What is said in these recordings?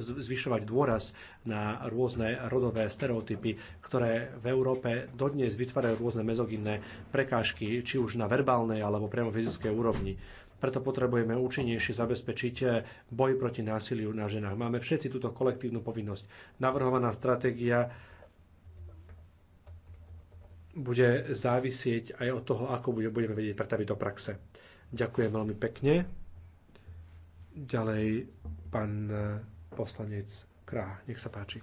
zvyšovať dôraz na rôzne rodové stereotypy, ktoré v Európe dodnes vytvárajú rôzne mezogynné prekážky, či už na verbálnej alebo priamo fyzickej úrovni. Preto potrebujeme účinnejšie zabezpečiť eh, boj proti násiliu na ženách. Máme všetci túto kolektívnu povinnosť. Navrhovaná stratégia bude závisieť aj od toho, ako budeme vedieť pretaviť do praxe. Ďakujem veľmi pekne. Ďalej Pán e, poslanec Krá, nech sa páči.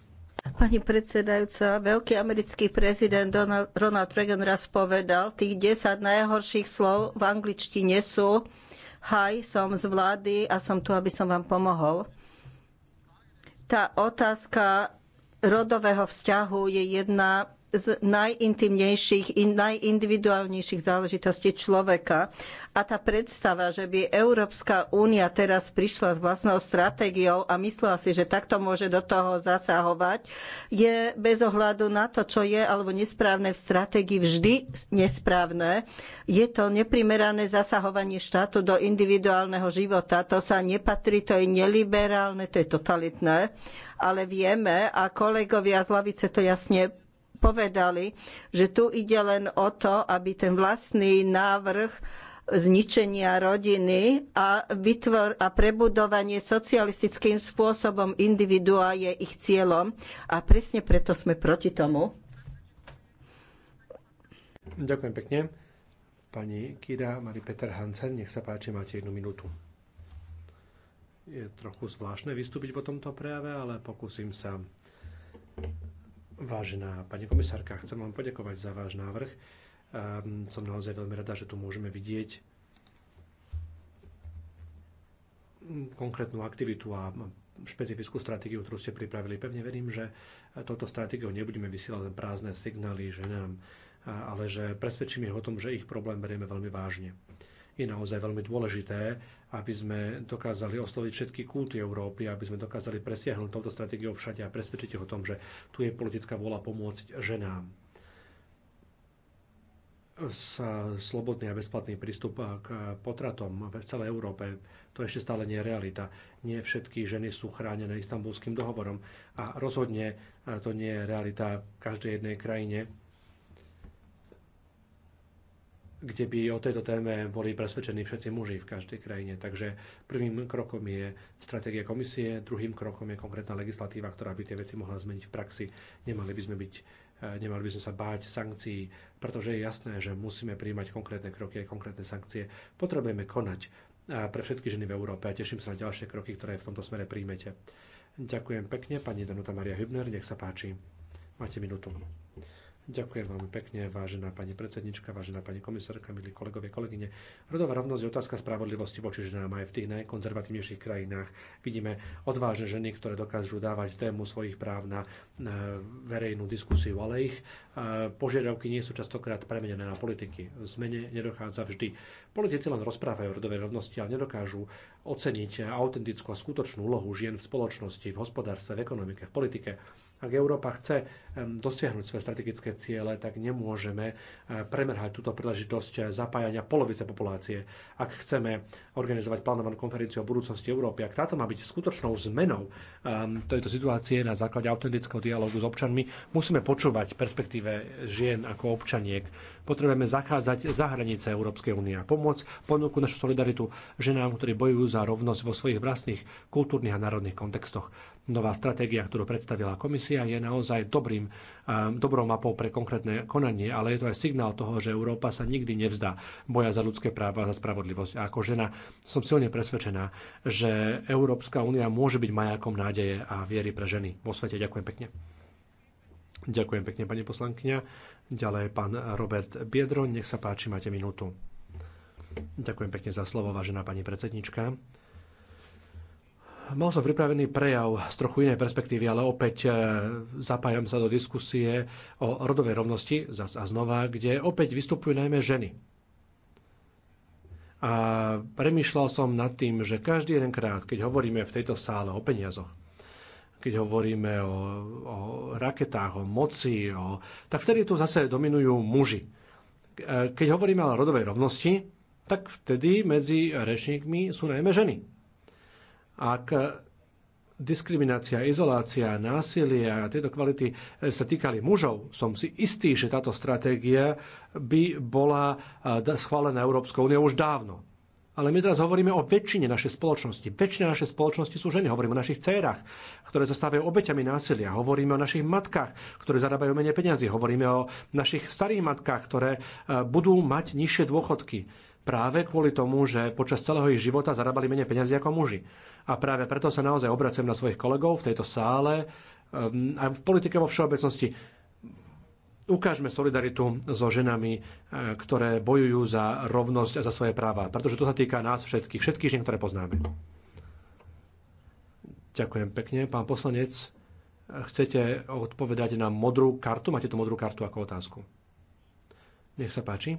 Pani predsedajúca, veľký americký prezident Donald, Ronald Reagan raz povedal, tých 10 najhorších slov v angličtine sú Hi, som z vlády a som tu, aby som vám pomohol. Tá otázka rodového vzťahu je jedna z najintimnejších, najindividuálnejších záležitostí človeka. A tá predstava, že by Európska únia teraz prišla s vlastnou stratégiou a myslela si, že takto môže do toho zasahovať, je bez ohľadu na to, čo je alebo nesprávne v stratégii vždy nesprávne. Je to neprimerané zasahovanie štátu do individuálneho života. To sa nepatrí, to je neliberálne, to je totalitné. Ale vieme, a kolegovia z lavice to jasne povedali, že tu ide len o to, aby ten vlastný návrh zničenia rodiny a, vytvor, a prebudovanie socialistickým spôsobom individua je ich cieľom a presne preto sme proti tomu. Ďakujem pekne. Pani Kira Mari Peter Hansen, nech sa páči, máte jednu minútu. Je trochu zvláštne vystúpiť po tomto prejave, ale pokúsim sa Vážená pani komisárka, chcem vám poďakovať za váš návrh. Ehm, som naozaj veľmi rada, že tu môžeme vidieť hm, konkrétnu aktivitu a špecifickú stratégiu, ktorú ste pripravili. Pevne verím, že touto stratégiou nebudeme vysielať len prázdne signály ženám, ale že presvedčíme ich o tom, že ich problém berieme veľmi vážne. Je naozaj veľmi dôležité, aby sme dokázali osloviť všetky kulty Európy, aby sme dokázali presiahnuť touto stratégiou všade a presvedčiť ich o tom, že tu je politická vôľa pomôcť ženám sa slobodný a bezplatný prístup k potratom v celej Európe. To ešte stále nie je realita. Nie všetky ženy sú chránené istambulským dohovorom a rozhodne to nie je realita v každej jednej krajine kde by o tejto téme boli presvedčení všetci muži v každej krajine. Takže prvým krokom je stratégia komisie, druhým krokom je konkrétna legislatíva, ktorá by tie veci mohla zmeniť v praxi. Nemali by sme byť e, nemali by sme sa báť sankcií, pretože je jasné, že musíme príjmať konkrétne kroky a konkrétne sankcie. Potrebujeme konať e, pre všetky ženy v Európe a teším sa na ďalšie kroky, ktoré v tomto smere príjmete. Ďakujem pekne, pani Danuta Maria Hübner, nech sa páči. Máte minútu. Ďakujem veľmi pekne, vážená pani predsednička, vážená pani komisárka, milí kolegovia, kolegyne. Rodová rovnosť je otázka spravodlivosti voči ženám aj v tých najkonzervatívnejších krajinách. Vidíme odvážne ženy, ktoré dokážu dávať tému svojich práv na verejnú diskusiu, ale ich eh, požiadavky nie sú častokrát premenené na politiky. Zmene nedochádza vždy Politici len rozprávajú o rodovej rovnosti, ale nedokážu oceniť autentickú a skutočnú úlohu žien v spoločnosti, v hospodárstve, v ekonomike, v politike. Ak Európa chce dosiahnuť svoje strategické ciele, tak nemôžeme premerhať túto príležitosť zapájania polovice populácie. Ak chceme organizovať plánovanú konferenciu o budúcnosti Európy, ak táto má byť skutočnou zmenou tejto situácie na základe autentického dialogu s občanmi, musíme počúvať perspektíve žien ako občaniek Potrebujeme zachádzať za hranice Európskej únie a pomôcť ponúku našu solidaritu ženám, ktorí bojujú za rovnosť vo svojich vlastných kultúrnych a národných kontextoch. Nová stratégia, ktorú predstavila komisia, je naozaj dobrým, dobrou mapou pre konkrétne konanie, ale je to aj signál toho, že Európa sa nikdy nevzdá boja za ľudské práva a za spravodlivosť. A ako žena som silne presvedčená, že Európska únia môže byť majakom nádeje a viery pre ženy vo svete. Ďakujem pekne. Ďakujem pekne, pani poslankyňa. Ďalej pán Robert Biedro, nech sa páči, máte minútu. Ďakujem pekne za slovo, vážená pani predsednička. Mal som pripravený prejav z trochu inej perspektívy, ale opäť e, zapájam sa do diskusie o rodovej rovnosti zas a znova, kde opäť vystupujú najmä ženy. A premýšľal som nad tým, že každý jeden krát, keď hovoríme v tejto sále o peniazoch, keď hovoríme o, o raketách, o moci, o, tak vtedy tu zase dominujú muži. E, keď hovoríme o rodovej rovnosti, tak vtedy medzi rečníkmi sú najmä ženy. Ak diskriminácia, izolácia, násilie a tieto kvality e, sa týkali mužov, som si istý, že táto stratégia by bola e, schválená Európskou úniou už dávno. Ale my teraz hovoríme o väčšine našej spoločnosti. Väčšina našej spoločnosti sú ženy. Hovoríme o našich dcerách, ktoré sa stávajú obeťami násilia. Hovoríme o našich matkách, ktoré zarábajú menej peniazy. Hovoríme o našich starých matkách, ktoré e, budú mať nižšie dôchodky. Práve kvôli tomu, že počas celého ich života zarábali menej peniazy ako muži. A práve preto sa naozaj obracujem na svojich kolegov v tejto sále, e, aj v politike vo všeobecnosti ukážme solidaritu so ženami, e, ktoré bojujú za rovnosť a za svoje práva. Pretože to sa týka nás všetkých, všetkých žien, ktoré poznáme. Ďakujem pekne. Pán poslanec, e, chcete odpovedať na modrú kartu? Máte tu modrú kartu ako otázku. Nech sa páči.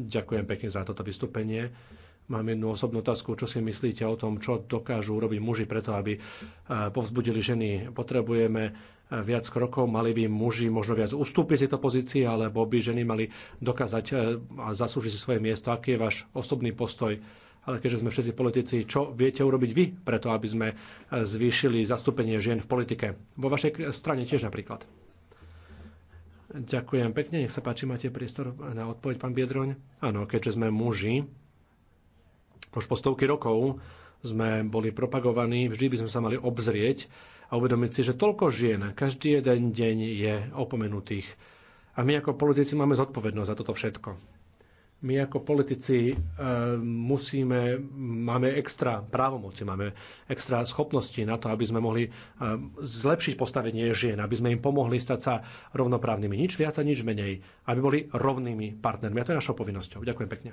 Ďakujem pekne za toto vystúpenie. Mám jednu osobnú otázku, čo si myslíte o tom, čo dokážu urobiť muži preto, aby eh, povzbudili ženy. Potrebujeme eh, viac krokov, mali by muži možno viac ustúpiť z tejto pozície, alebo by ženy mali dokázať eh, a zaslúžiť si svoje miesto. Aký je váš osobný postoj? Ale keďže sme všetci politici, čo viete urobiť vy preto, aby sme zvýšili zastúpenie žien v politike? Vo vašej strane tiež napríklad. Ďakujem pekne, nech sa páči, máte priestor na odpoveď, pán Biedroň. Áno, keďže sme muži, už po stovky rokov sme boli propagovaní, vždy by sme sa mali obzrieť a uvedomiť si, že toľko žien každý jeden deň je opomenutých. A my ako politici máme zodpovednosť za toto všetko. My ako politici e, musíme, máme extra právomoci, máme extra schopnosti na to, aby sme mohli e, zlepšiť postavenie žien, aby sme im pomohli stať sa rovnoprávnymi. Nič viac a nič menej. Aby boli rovnými partnermi. A to je našou povinnosťou. Ďakujem pekne.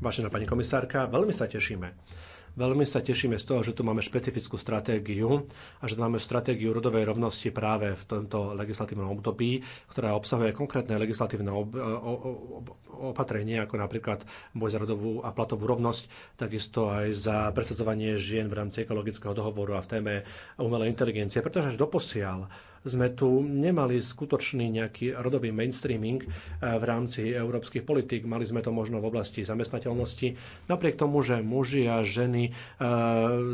Vážená pani komisárka, veľmi sa tešíme. Veľmi sa tešíme z toho, že tu máme špecifickú stratégiu a že tu máme stratégiu rodovej rovnosti práve v tomto legislatívnom období, ktorá obsahuje konkrétne legislatívne opatrenia, ako napríklad boj za rodovú a platovú rovnosť, takisto aj za presadzovanie žien v rámci ekologického dohovoru a v téme umelej inteligencie, pretože až doposiaľ sme tu nemali skutočný nejaký rodový mainstreaming eh, v rámci európskych politík. Mali sme to možno v oblasti zamestnateľnosti. Napriek tomu, že muži a ženy eh,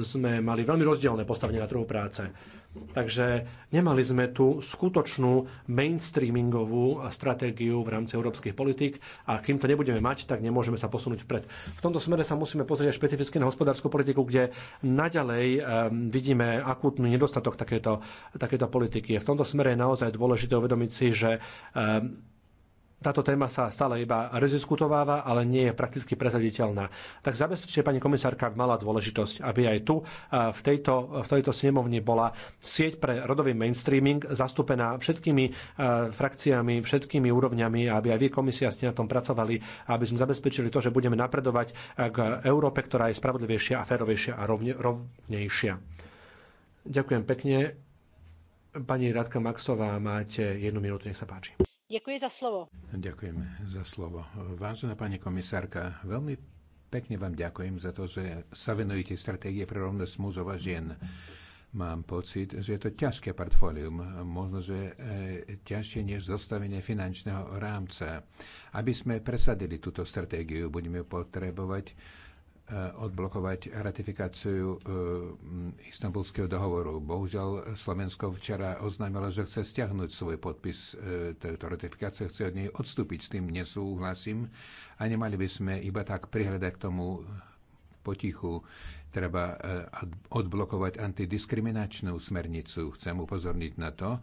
sme mali veľmi rozdielne postavenie na trhu práce. Takže nemali sme tu skutočnú mainstreamingovú stratégiu v rámci európskych politik. a kým to nebudeme mať, tak nemôžeme sa posunúť vpred. V tomto smere sa musíme pozrieť špecificky na hospodárskú politiku, kde naďalej vidíme akútny nedostatok takéto, takéto politiky. V tomto smere je naozaj dôležité uvedomiť si, že táto téma sa stále iba rediskutováva, ale nie je prakticky presaditeľná. Tak zabezpečne pani komisárka mala dôležitosť, aby aj tu v tejto, v tejto snemovni bola sieť pre rodový mainstreaming zastúpená všetkými frakciami, všetkými úrovňami, aby aj vy komisia ste na tom pracovali, aby sme zabezpečili to, že budeme napredovať k Európe, ktorá je spravodlivejšia a férovejšia a rovne, rovnejšia. Ďakujem pekne. Pani Radka Maxová, máte jednu minútu, nech sa páči. Ďakujem za slovo. Ďakujem za slovo. Vážená pani komisárka, veľmi pekne vám ďakujem za to, že sa venujete stratégie pre rovnosť mužov a žien. Mám pocit, že je to ťažké portfólium, možno, že e, ťažšie než zostavenie finančného rámca. Aby sme presadili túto stratégiu, budeme potrebovať Eh, odblokovať ratifikáciu eh, istambulského dohovoru. Bohužiaľ, Slovensko včera oznámilo, že chce stiahnuť svoj podpis eh, tejto ratifikácie, chce od nej odstúpiť, s tým nesúhlasím a nemali by sme iba tak prihľadať k tomu potichu. Treba odblokovať antidiskriminačnú smernicu. Chcem upozorniť na to,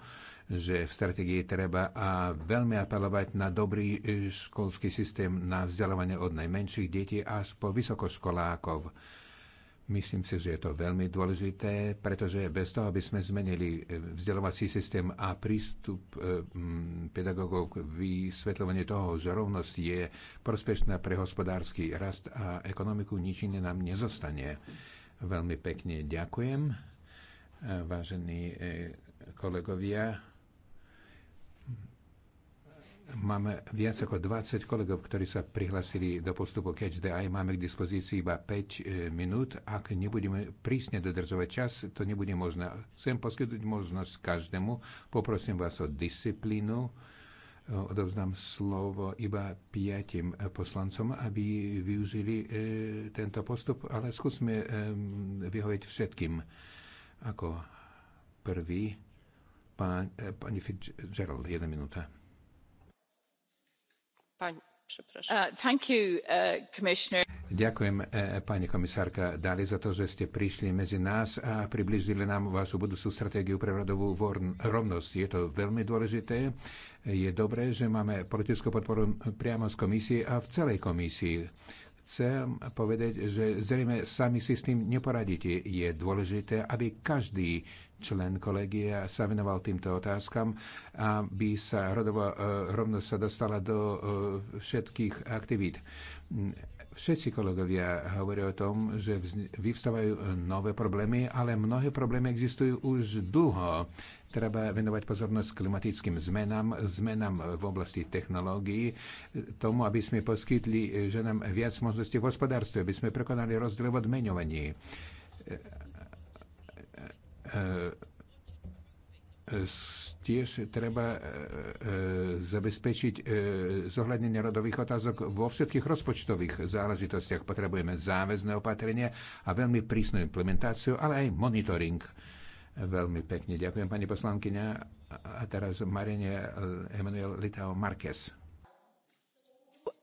že v strategii treba a veľmi apelovať na dobrý e, školský systém na vzdelávanie od najmenších detí až po vysokoškolákov. Myslím si, že je to veľmi dôležité, pretože bez toho, aby sme zmenili e, vzdelávací systém a prístup e, pedagógov k vysvetľovaniu toho, že rovnosť je prospešná pre hospodársky rast a ekonomiku, nič iné nám nezostane. Veľmi pekne ďakujem, vážení kolegovia. Máme viac ako 20 kolegov, ktorí sa prihlasili do postupu Catch the Eye. Máme k dispozícii iba 5 e, minút. Ak nebudeme prísne dodržovať čas, to nebude možné. Chcem poskytnúť možnosť každému. Poprosím vás o disciplínu. E, odovzdám slovo iba piatim e, poslancom, aby využili tento postup, ale skúsme vyhovieť všetkým. Ako prvý, pani Fitzgerald, jedna minúta. E, e, Ďakujem, e, pani komisárka Dali, za to, že ste prišli medzi nás a približili nám vašu budúcu stratégiu pre rodovú rovnosť. Je to veľmi dôležité. Je dobré, že máme politickú podporu priamo z komisie a v celej komisii. Chcem povedať, že zrejme sami si s tým neporadíte. Je dôležité, aby každý člen kolegia sa venoval týmto otázkam, aby sa rodová eh, rovnosť sa dostala do eh, všetkých aktivít. Všetci kolegovia hovoria o tom, že vyvstávajú nové problémy, ale mnohé problémy existujú už dlho. Treba venovať pozornosť klimatickým zmenám, zmenám v oblasti technológií, tomu, aby sme poskytli ženám viac možností v hospodárstve, aby sme prekonali rozdiel v odmeňovaní. E, e, e tiež treba e, e, zabezpečiť e, zohľadnenie rodových otázok vo všetkých rozpočtových záležitostiach. Potrebujeme záväzné opatrenia a veľmi prísnu implementáciu, ale aj monitoring. Veľmi pekne ďakujem, pani poslankyňa. A teraz Marine Emanuel Litao Marquez.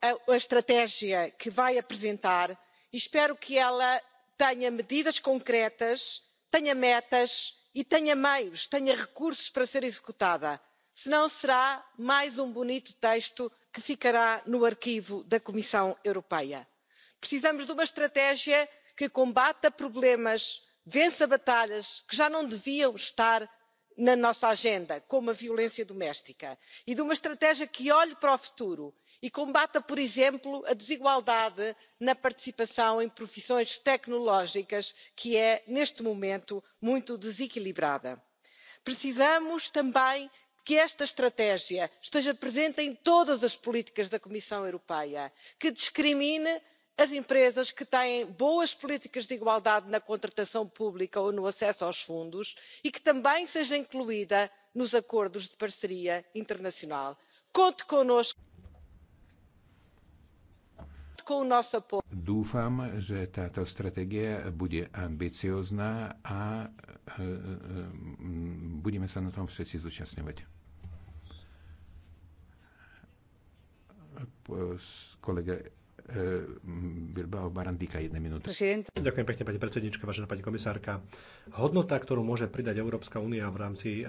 A estratégia que vai apresentar, espero que ela tenha medidas concretas, tenha metas, e tenha meios tenha recursos para ser executada senão será mais um bonito texto que ficará no arquivo da comissão europeia. precisamos de uma estratégia que combata problemas vença batalhas que já não deviam estar na nossa agenda como a violência doméstica e de uma estratégia que olhe para o futuro e combata por exemplo a desigualdade na participação em profissões tecnológicas que é neste momento muito desequilibrada. precisamos também que esta estratégia esteja presente em todas as políticas da comissão europeia que discrimine as empresas que têm boas políticas de igualdade na contratação pública ou no acesso aos fundos e que também seja incluída nos acordos de parceria internacional. conte connosco com o nosso apoio. Dúfam, že táto stratégia bude ambiciózna a e, e, budeme sa na tom všetci zúčastňovať. Eh, Bilbao Barandika, jedna minúta. Ďakujem pekne, pani predsednička, vážená pani komisárka. Hodnota, ktorú môže pridať Európska únia v rámci eh,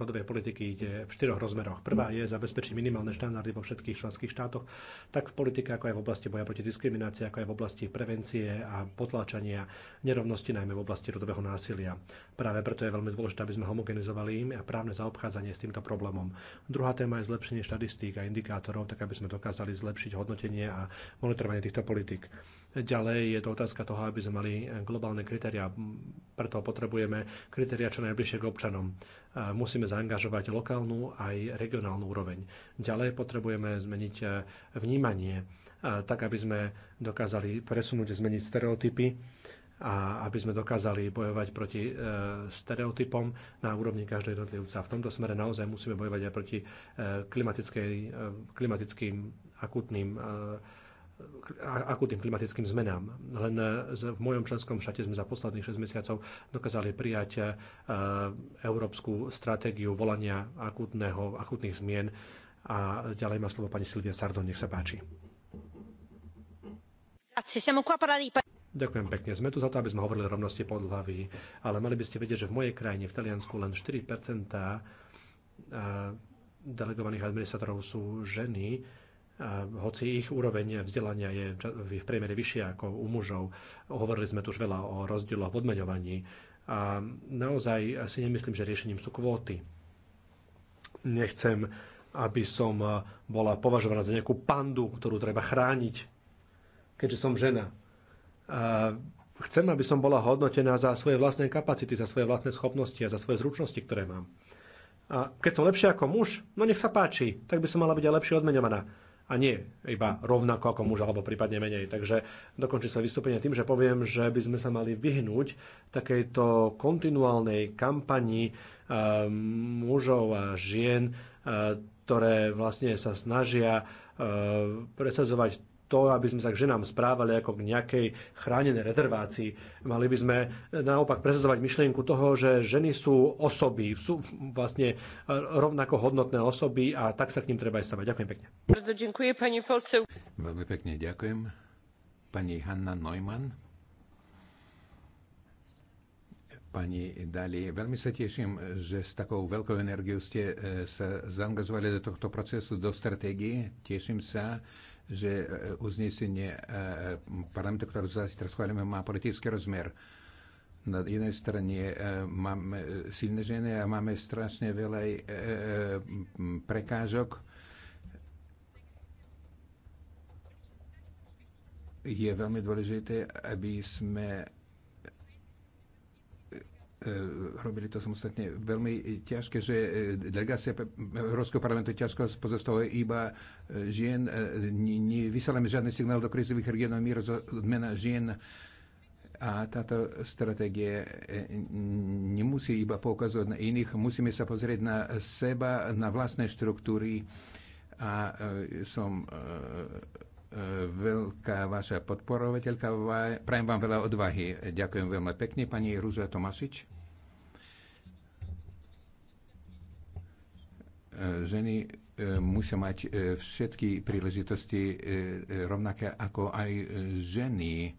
rodovej politiky, ide v štyroch rozmeroch. Prvá je zabezpečiť minimálne štandardy vo všetkých členských štátoch, tak v politike, ako aj v oblasti boja proti diskriminácii, ako aj v oblasti prevencie a potláčania nerovnosti, najmä v oblasti rodového násilia. Práve preto je veľmi dôležité, aby sme homogenizovali im a právne zaobchádzanie s týmto problémom. Druhá téma je zlepšenie štatistík a indikátorov, tak aby sme dokázali zlepšiť hodnotenie a monitorovanie týchto politik. Ďalej je to otázka toho, aby sme mali globálne kritéria. Preto potrebujeme kritéria čo najbližšie k občanom. Musíme zaangažovať lokálnu aj regionálnu úroveň. Ďalej potrebujeme zmeniť e, vnímanie, e, tak aby sme dokázali presunúť, zmeniť stereotypy a aby sme dokázali bojovať proti e, stereotypom na úrovni každého jednotlivca. V tomto smere naozaj musíme bojovať aj proti klimatickým akutným akutným klimatickým zmenám. Len e, v mojom členskom šate sme za posledných 6 mesiacov dokázali prijať e, európsku stratégiu volania akutného, akutných zmien. A ďalej má slovo pani Silvia Sardo, nech sa páči. Ďakujem pekne. Sme tu za to, aby sme hovorili o rovnosti podlavy, ale mali by ste vedieť, že v mojej krajine, v Taliansku, len 4 e, delegovaných administratorov sú ženy hoci ich úroveň vzdelania je v priemere vyššia ako u mužov. Hovorili sme tu už veľa o rozdieloch v odmeňovaní. A naozaj si nemyslím, že riešením sú kvóty. Nechcem, aby som eh, bola považovaná za nejakú pandu, ktorú treba chrániť, keďže som žena. A chcem, aby som bola hodnotená za svoje vlastné kapacity, za svoje vlastné schopnosti a za svoje zručnosti, ktoré mám. A keď som lepšia ako muž, no nech sa páči, tak by som mala byť aj lepšie odmeňovaná a nie iba rovnako ako muž alebo prípadne menej. Takže dokončím sa vystúpenie tým, že poviem, že by sme sa mali vyhnúť takejto kontinuálnej kampani eh, mužov a žien, uh, ktoré vlastne sa snažia uh, presadzovať to, aby sme sa k ženám správali ako k nejakej chránenej rezervácii. Mali by sme naopak presadzovať myšlienku toho, že ženy sú osoby, sú vlastne rovnako hodnotné osoby a tak sa k ním treba aj stavať. Ďakujem pekne. Veľmi pekne ďakujem. Pani Hanna Neumann. Pani Dali, veľmi sa teším, že s takou veľkou energiou ste eh, sa zaangažovali do tohto procesu, do stratégie. Teším sa, že e, uznesenie e, e, parlamentu, ktoré teraz schválime, má politický rozmer. Na jednej strane máme silné ženy a máme strašne veľa prekážok. Je veľmi dôležité, aby sme E, robili to samostatne veľmi ťažké, že e, delegácia Európskeho parlamentu ťažko pozostala iba e, žien. Nevysielame žiadny signál do krizových regionov míru odmena žien. A táto stratégia nemusí iba poukazovať na iných, musíme sa pozrieť na seba, na vlastné štruktúry. A som veľká vaša podporovateľka. Prajem vám veľa odvahy. Ďakujem veľmi pekne, pani Rúža Tomašič. E, ženy e, musia mať e, všetky príležitosti rovnaké ako aj ženy.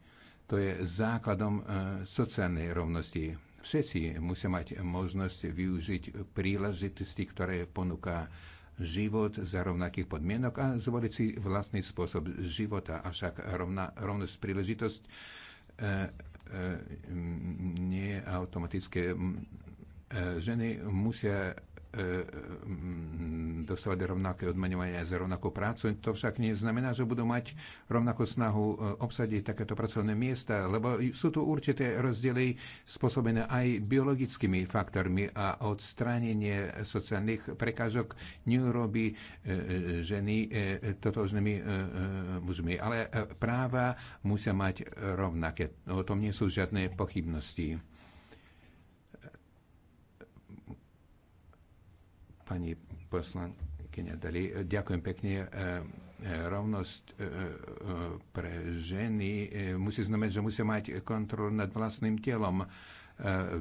To je základom sociálnej rovnosti. Všetci musia mať možnosť využiť príležitosti, ktoré ponúka život za rovnakých podmienok a zvoliť si vlastný spôsob života. Avšak rovna, rovnosť príležitosť e, e, nie je automatické. E, ženy musia E, e, dostávať rovnaké odmenovanie za rovnakú prácu. To však neznamená, že budú mať rovnakú snahu e, obsadiť takéto pracovné miesta, lebo sú tu určité rozdiely spôsobené aj biologickými faktormi a odstránenie sociálnych prekážok nerobí ženy totožnými mužmi. Ale práva musia mať rovnaké. O tom nie sú žiadne pochybnosti. Pani poslankyňa Dali, ďakujem pekne. E, e, rovnosť e, pre ženy musí znamenať, že musia mať kontrolu nad vlastným telom.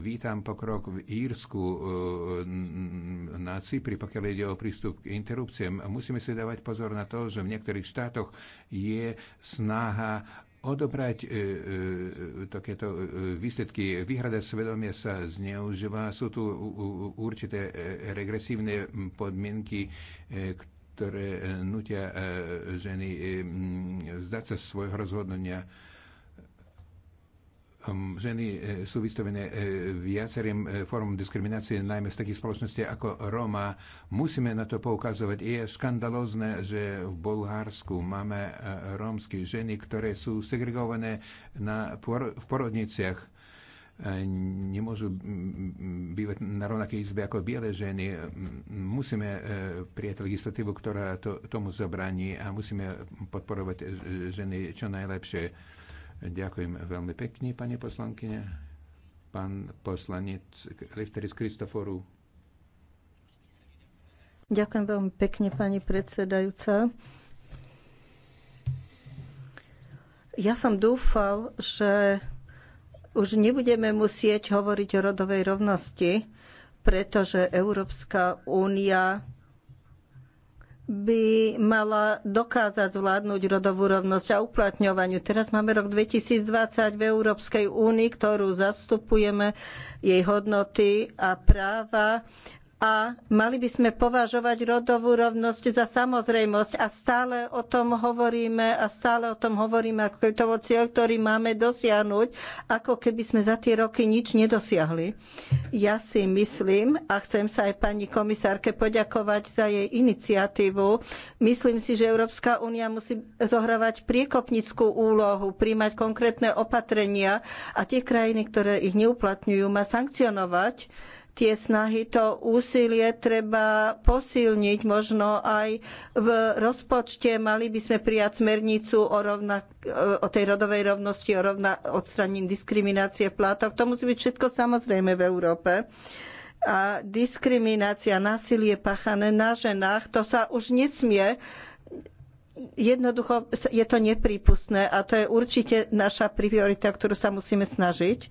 Vítam pokrok v Írsku na Cypri, pokiaľ ide o prístup k interrupciám. Musíme si dávať pozor na to, že v niektorých štátoch je snaha odobrať e, e, takéto e, výsledky, vyhrada svedomia sa zneužíva, sú tu určité e, regresívne podmienky, e, ktoré e, nutia ženy vzdať sa svojho rozhodnutia Ehm, ženy e, sú vystavené e, viacerým e, formom diskriminácie, najmä z takých spoločností ako Roma. Musíme na to poukazovať. Je škandalozne, že v Bulharsku máme rómske ženy, ktoré sú segregované na, v porodniciach nemôžu bývať na rovnakej izbe ako biele ženy. Musíme prijať legislatívu, ktorá to, tomu zabraní a musíme podporovať ženy čo najlepšie Ďakujem veľmi pekne, pani poslankyne. Pán poslanec z Kristoforu. Ďakujem veľmi pekne, pani predsedajúca. Ja som dúfal, že už nebudeme musieť hovoriť o rodovej rovnosti, pretože Európska únia by mala dokázať zvládnuť rodovú rovnosť a uplatňovaniu. Teraz máme rok 2020 v Európskej únii, ktorú zastupujeme, jej hodnoty a práva a mali by sme považovať rodovú rovnosť za samozrejmosť a stále o tom hovoríme a stále o tom hovoríme ako keby to bol cieľ, ktorý máme dosiahnuť, ako keby sme za tie roky nič nedosiahli. Ja si myslím a chcem sa aj pani komisárke poďakovať za jej iniciatívu. Myslím si, že Európska únia musí zohrávať priekopníckú úlohu, príjmať konkrétne opatrenia a tie krajiny, ktoré ich neuplatňujú, má sankcionovať tie snahy, to úsilie treba posilniť možno aj v rozpočte. Mali by sme prijať smernicu o, rovna, o tej rodovej rovnosti, o rovna, odstraní diskriminácie v platoch. To musí byť všetko samozrejme v Európe. A diskriminácia, násilie páchané na ženách, to sa už nesmie Jednoducho je to neprípustné a to je určite naša priorita, ktorú sa musíme snažiť.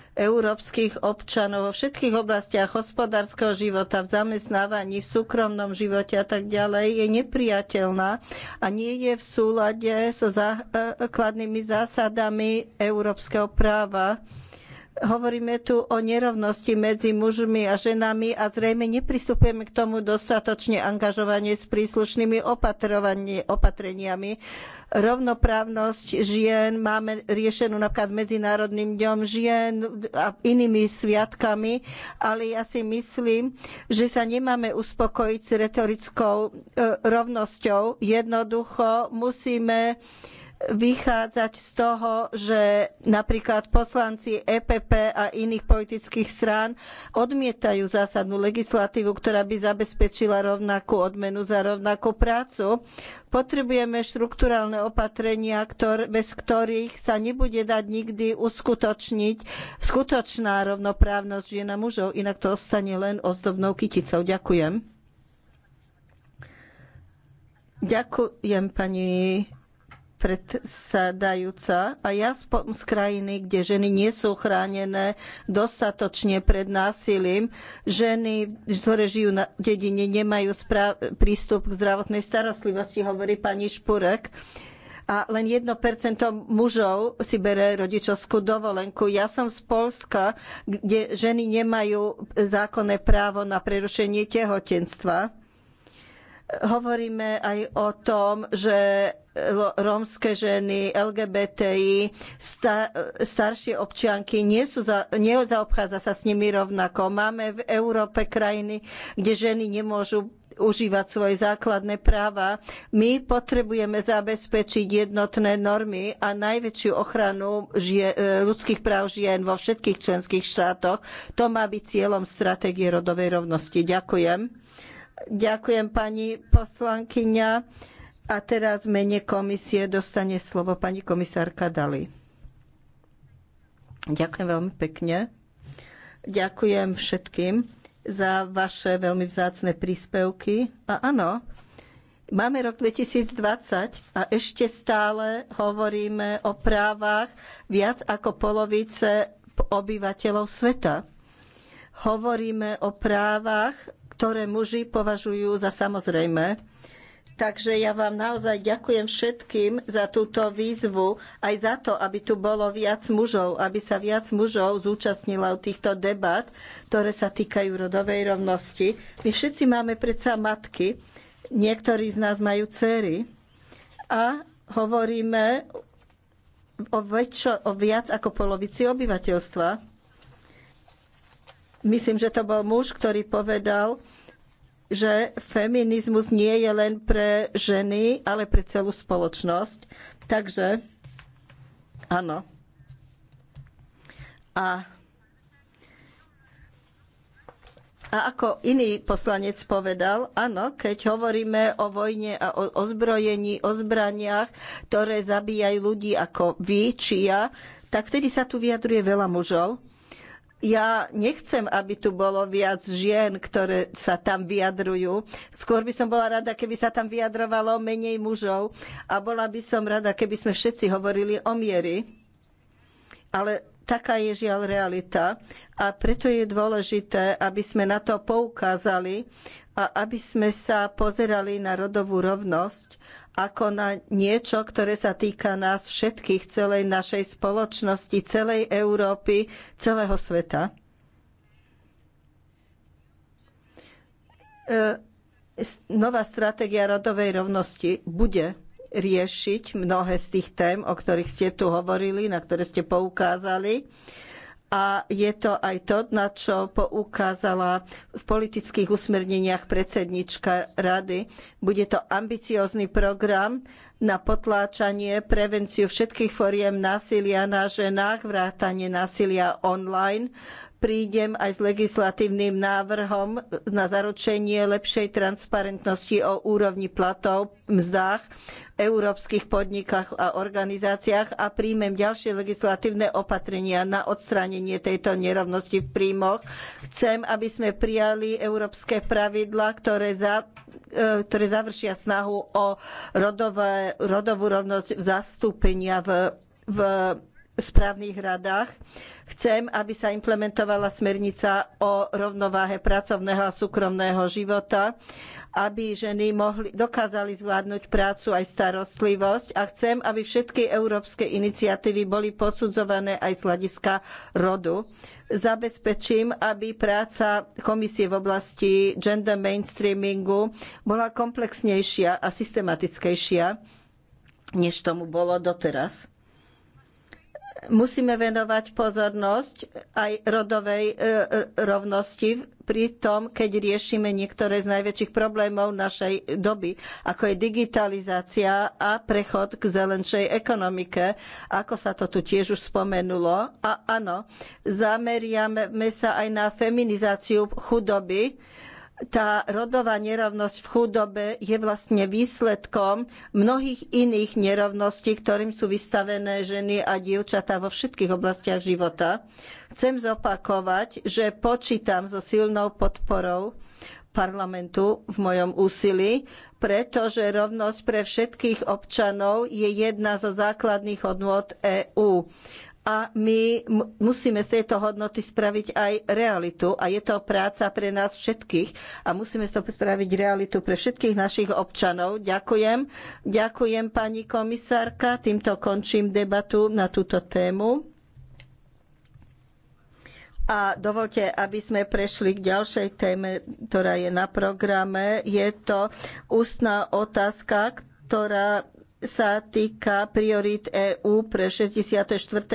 európskych občanov vo všetkých oblastiach hospodárskeho života, v zamestnávaní, v súkromnom živote a tak ďalej je neprijateľná a nie je v súlade so základnými zásadami európskeho práva. Hovoríme tu o nerovnosti medzi mužmi a ženami a zrejme nepristupujeme k tomu dostatočne angažovane s príslušnými opatreniami. Rovnoprávnosť žien máme riešenú napríklad Medzinárodným dňom žien a inými sviatkami, ale ja si myslím, že sa nemáme uspokojiť s retorickou e, rovnosťou. Jednoducho musíme vychádzať z toho, že napríklad poslanci EPP a iných politických strán odmietajú zásadnú legislatívu, ktorá by zabezpečila rovnakú odmenu za rovnakú prácu. Potrebujeme štrukturálne opatrenia, bez ktorých sa nebude dať nikdy uskutočniť skutočná rovnoprávnosť žien a mužov, inak to ostane len ozdobnou kyticou. Ďakujem. Ďakujem pani predsadajúca. A ja z krajiny, kde ženy nie sú chránené dostatočne pred násilím. Ženy, ktoré žijú na dedine, nemajú prístup k zdravotnej starostlivosti, hovorí pani Špurek a len 1% mužov si bere rodičovskú dovolenku. Ja som z Polska, kde ženy nemajú zákonné právo na prerušenie tehotenstva hovoríme aj o tom, že rómske ženy, LGBTI, staršie občianky, nie sú za, nezaobchádza sa s nimi rovnako. Máme v Európe krajiny, kde ženy nemôžu užívať svoje základné práva. My potrebujeme zabezpečiť jednotné normy a najväčšiu ochranu e, ľudských práv žien vo všetkých členských štátoch. To má byť cieľom stratégie rodovej rovnosti. Ďakujem. Ďakujem pani poslankyňa. A teraz v mene komisie dostane slovo pani komisárka Dali. Ďakujem veľmi pekne. Ďakujem všetkým za vaše veľmi vzácne príspevky. A áno, Máme rok 2020 a ešte stále hovoríme o právach viac ako polovice obyvateľov sveta. Hovoríme o právach ktoré muži považujú za samozrejme. Takže ja vám naozaj ďakujem všetkým za túto výzvu, aj za to, aby tu bolo viac mužov, aby sa viac mužov zúčastnila u týchto debat, ktoré sa týkajú rodovej rovnosti. My všetci máme predsa matky, niektorí z nás majú céry a hovoríme o, väčšo, o viac ako polovici obyvateľstva. Myslím, že to bol muž, ktorý povedal, že feminizmus nie je len pre ženy, ale pre celú spoločnosť. Takže áno. A, a ako iný poslanec povedal, áno, keď hovoríme o vojne a o ozbrojení, o zbraniach, ktoré zabíjajú ľudí ako vy či ja, tak vtedy sa tu vyjadruje veľa mužov ja nechcem, aby tu bolo viac žien, ktoré sa tam vyjadrujú. Skôr by som bola rada, keby sa tam vyjadrovalo menej mužov a bola by som rada, keby sme všetci hovorili o miery. Ale taká je žiaľ realita a preto je dôležité, aby sme na to poukázali a aby sme sa pozerali na rodovú rovnosť ako na niečo, ktoré sa týka nás všetkých, celej našej spoločnosti, celej Európy, celého sveta. E, nová stratégia rodovej rovnosti bude riešiť mnohé z tých tém, o ktorých ste tu hovorili, na ktoré ste poukázali a je to aj to, na čo poukázala v politických usmerneniach predsednička rady. Bude to ambiciózny program na potláčanie, prevenciu všetkých foriem násilia na ženách, vrátanie násilia online, prídem aj s legislatívnym návrhom na zaručenie lepšej transparentnosti o úrovni platov, mzdách, európskych podnikoch a organizáciách a príjmem ďalšie legislatívne opatrenia na odstránenie tejto nerovnosti v príjmoch. Chcem, aby sme prijali európske pravidlá, ktoré, za, e, ktoré završia snahu o rodové, rodovú rovnosť zastúpenia v, v správnych radách. Chcem, aby sa implementovala smernica o rovnováhe pracovného a súkromného života, aby ženy mohli, dokázali zvládnuť prácu aj starostlivosť a chcem, aby všetky európske iniciatívy boli posudzované aj z hľadiska rodu. Zabezpečím, aby práca komisie v oblasti gender mainstreamingu bola komplexnejšia a systematickejšia než tomu bolo doteraz musíme venovať pozornosť aj rodovej e, rovnosti pri tom, keď riešime niektoré z najväčších problémov našej doby, ako je digitalizácia a prechod k zelenšej ekonomike, ako sa to tu tiež už spomenulo. A áno, zameriame sa aj na feminizáciu chudoby, tá rodová nerovnosť v chudobe je vlastne výsledkom mnohých iných nerovností, ktorým sú vystavené ženy a dievčatá vo všetkých oblastiach života. Chcem zopakovať, že počítam so silnou podporou parlamentu v mojom úsilí, pretože rovnosť pre všetkých občanov je jedna zo základných hodnôt EÚ a my musíme z tejto hodnoty spraviť aj realitu. A je to práca pre nás všetkých a musíme z toho spraviť realitu pre všetkých našich občanov. Ďakujem. Ďakujem, pani komisárka. Týmto končím debatu na túto tému. A dovolte, aby sme prešli k ďalšej téme, ktorá je na programe. Je to ústna otázka, ktorá sa týka priorit EÚ pre 64.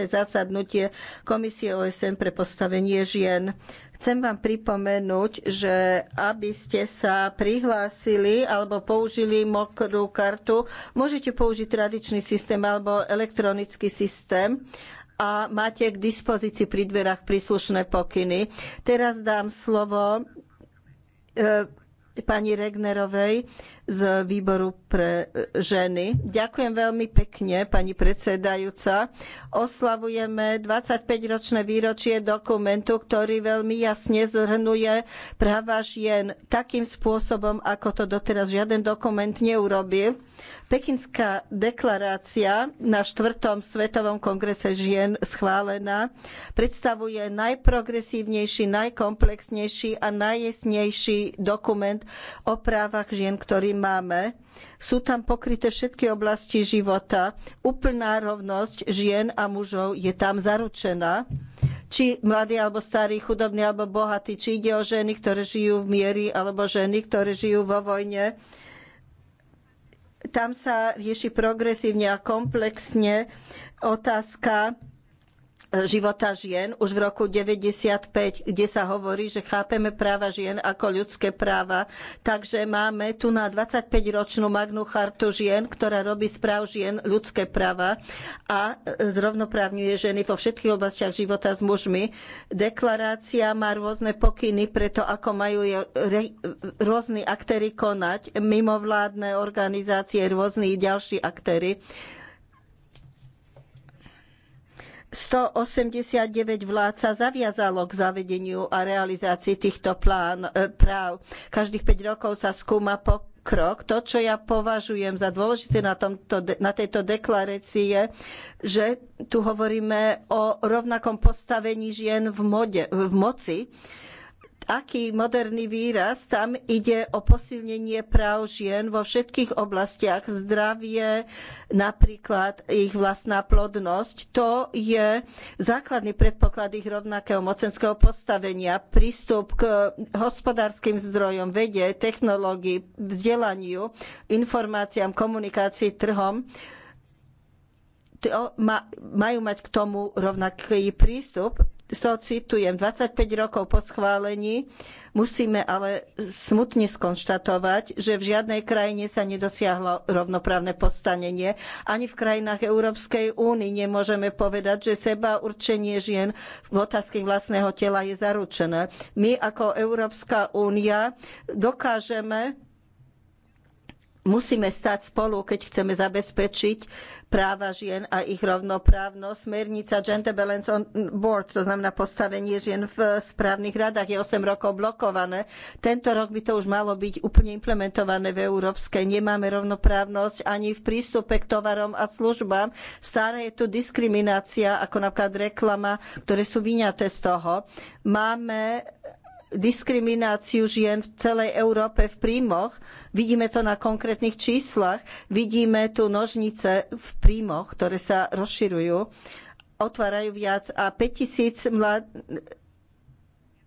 zasadnutie Komisie OSN pre postavenie žien. Chcem vám pripomenúť, že aby ste sa prihlásili alebo použili mokrú kartu, môžete použiť tradičný systém alebo elektronický systém a máte k dispozícii pri dverách príslušné pokyny. Teraz dám slovo e, pani Regnerovej, z výboru pre e, ženy. Ďakujem veľmi pekne, pani predsedajúca. Oslavujeme 25-ročné výročie dokumentu, ktorý veľmi jasne zhrnuje práva žien takým spôsobom, ako to doteraz žiaden dokument neurobil. Pekinská deklarácia na štvrtom Svetovom kongrese žien schválená predstavuje najprogresívnejší, najkomplexnejší a najjasnejší dokument o právach žien, ktorý máme, sú tam pokryté všetky oblasti života. Úplná rovnosť žien a mužov je tam zaručená. Či mladý alebo starý, chudobný alebo bohatý, či ide o ženy, ktoré žijú v miery alebo ženy, ktoré žijú vo vojne. Tam sa rieši progresívne a komplexne otázka života žien už v roku 95, kde sa hovorí, že chápeme práva žien ako ľudské práva. Takže máme tu na 25-ročnú Magnú chartu žien, ktorá robí z práv žien ľudské práva a zrovnoprávňuje ženy vo všetkých oblastiach života s mužmi. Deklarácia má rôzne pokyny pre to, ako majú rôzni aktéry konať, mimovládne organizácie, rôzni ďalší aktéry. 189 vlád sa zaviazalo k zavedeniu a realizácii týchto plán, e, práv. Každých 5 rokov sa skúma pokrok. To, čo ja považujem za dôležité na, tomto, na tejto deklarácii, je, že tu hovoríme o rovnakom postavení žien v, mode, v moci aký moderný výraz, tam ide o posilnenie práv žien vo všetkých oblastiach, zdravie, napríklad ich vlastná plodnosť. To je základný predpoklad ich rovnakého mocenského postavenia, prístup k hospodárskym zdrojom, vede, technológii, vzdelaniu, informáciám, komunikácii, trhom majú mať k tomu rovnaký prístup to citujem, 25 rokov po schválení musíme ale smutne skonštatovať, že v žiadnej krajine sa nedosiahlo rovnoprávne postanenie. Ani v krajinách Európskej únie nemôžeme povedať, že seba určenie žien v otázke vlastného tela je zaručené. My ako Európska únia dokážeme Musíme stať spolu, keď chceme zabezpečiť práva žien a ich rovnoprávnosť. Smernica Gender Balance on Board, to znamená postavenie žien v správnych radách, je 8 rokov blokované. Tento rok by to už malo byť úplne implementované v európskej. Nemáme rovnoprávnosť ani v prístupe k tovarom a službám. Stále je tu diskriminácia, ako napríklad reklama, ktoré sú vyňaté z toho. Máme diskrimináciu žien v celej Európe v príjmoch. Vidíme to na konkrétnych číslach, vidíme tu nožnice v príjmoch, ktoré sa rozširujú, otvárajú viac a 5000 mlad...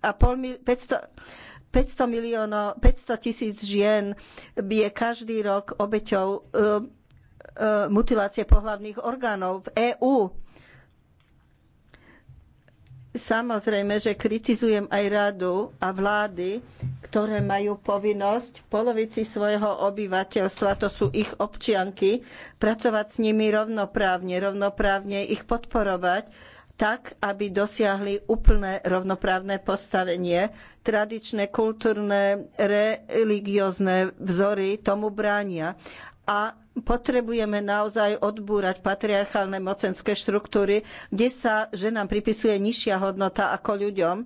a pol mil... 500... 500 miliónov, 500 tisíc žien je každý rok obeťou e, e, mutilácie pohlavných orgánov v EÚ Samozrejme, že kritizujem aj radu a vlády, ktoré majú povinnosť polovici svojho obyvateľstva, to sú ich občianky, pracovať s nimi rovnoprávne, rovnoprávne ich podporovať, tak, aby dosiahli úplné rovnoprávne postavenie. Tradičné, kultúrne, religiózne vzory tomu bránia. A potrebujeme naozaj odbúrať patriarchálne mocenské štruktúry, kde sa ženám pripisuje nižšia hodnota ako ľuďom.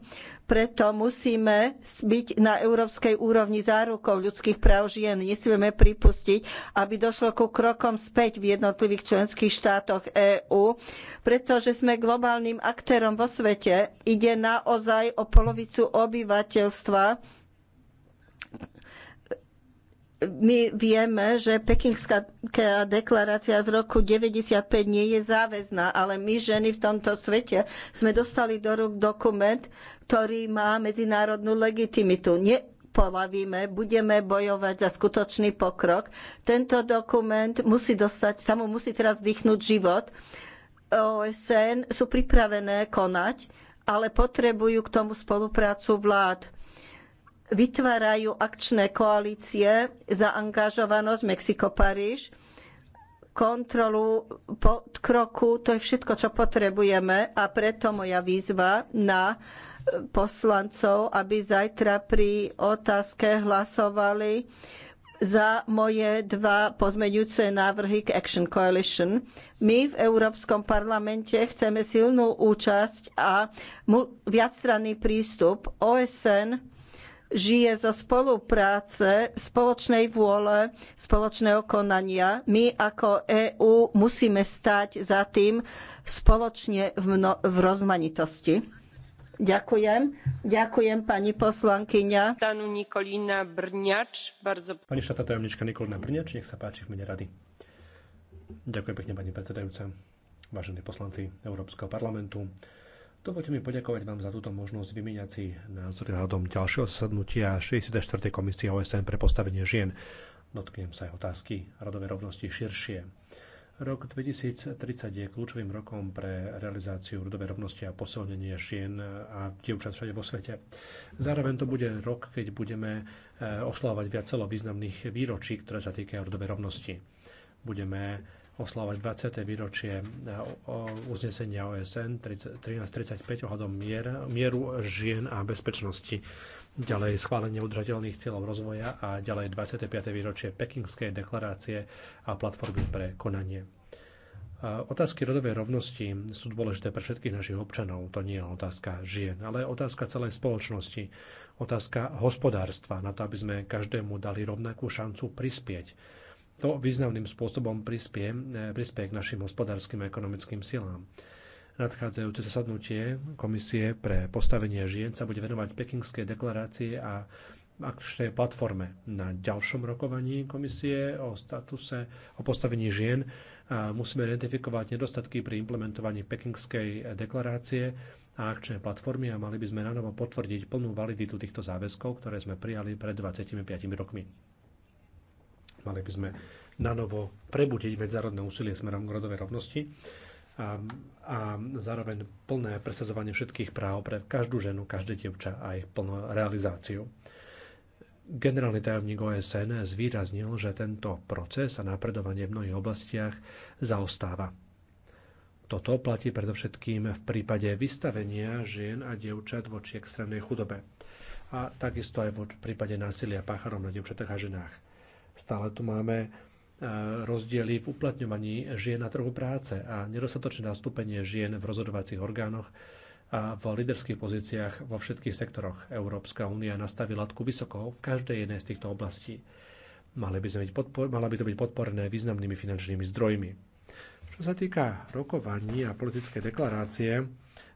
Preto musíme byť na európskej úrovni zárukou ľudských práv žien. Nesmieme pripustiť, aby došlo ku krokom späť v jednotlivých členských štátoch EÚ, pretože sme globálnym aktérom vo svete. Ide naozaj o polovicu obyvateľstva my vieme, že Pekingská deklarácia z roku 95 nie je záväzná, ale my ženy v tomto svete sme dostali do rúk dokument, ktorý má medzinárodnú legitimitu. Nepoľavíme, polavíme, budeme bojovať za skutočný pokrok. Tento dokument musí dostať, sa mu musí teraz dýchnuť život. OSN sú pripravené konať, ale potrebujú k tomu spoluprácu vlád vytvárajú akčné koalície za angažovanosť Mexiko-Paríž, kontrolu kroku, to je všetko, čo potrebujeme a preto moja výzva na poslancov, aby zajtra pri otázke hlasovali za moje dva pozmeňujúce návrhy k Action Coalition. My v Európskom parlamente chceme silnú účasť a viacstranný prístup. OSN žije zo spolupráce, spoločnej vôle, spoločného konania. My ako EÚ musíme stať za tým spoločne v, v rozmanitosti. Ďakujem. Ďakujem pani poslankyňa. Danu Nikolína Brňač. Bardzo... Pani štátna tajomnička Nikolína Brňač, nech sa páči v mene rady. Ďakujem pekne pani predsedajúca, vážení poslanci Európskeho parlamentu, Dovolte mi poďakovať vám za túto možnosť vymieňať si názory hľadom ďalšieho sadnutia 64. komisie OSN pre postavenie žien. Dotknem sa aj otázky rodovej rovnosti širšie. Rok 2030 je kľúčovým rokom pre realizáciu rodovej rovnosti a posilnenie žien a dievčat všade vo svete. Zároveň to bude rok, keď budeme e, oslavovať viacelo významných výročí, ktoré sa týkajú rodovej rovnosti. Budeme oslávať 20. výročie e, uznesenia OSN 1335 ohľadom mier, mieru žien a bezpečnosti. Ďalej schválenie udržateľných cieľov rozvoja a ďalej 25. výročie Pekingskej deklarácie a platformy pre konanie. E, otázky rodovej rovnosti sú dôležité pre všetkých našich občanov. To nie je otázka žien, ale otázka celej spoločnosti. Otázka hospodárstva, na to, aby sme každému dali rovnakú šancu prispieť to významným spôsobom prispie, eh, prispie k našim hospodárskym a ekonomickým silám. Nadchádzajúce zasadnutie Komisie pre postavenie žien sa bude venovať pekingskej deklarácie a akčnej platforme. Na ďalšom rokovaní komisie o statuse, o postavení žien eh, musíme identifikovať nedostatky pri implementovaní pekingskej deklarácie a akčnej platformy a mali by sme nanovo potvrdiť plnú validitu týchto záväzkov, ktoré sme prijali pred 25 rokmi. Mali by sme na novo prebudiť medzárodné úsilie smerom k rodovej rovnosti a, a zároveň plné presadzovanie všetkých práv pre každú ženu, každé dievča a ich plnú realizáciu. Generálny tajomník OSN zvýraznil, že tento proces a napredovanie v mnohých oblastiach zaostáva. Toto platí predovšetkým v prípade vystavenia žien a dievčat voči extrémnej chudobe a takisto aj v prípade násilia pácharom na dievčatách a ženách Stále tu máme e, rozdiely v uplatňovaní žien na trhu práce a nedostatočné nastúpenie žien v rozhodovacích orgánoch a v liderských pozíciách vo všetkých sektoroch. Európska únia nastaví latku vysoko v každej jednej z týchto oblastí. Mali by sme byť podpor- mala by to byť podporené významnými finančnými zdrojmi. Čo sa týka rokovaní a politické deklarácie,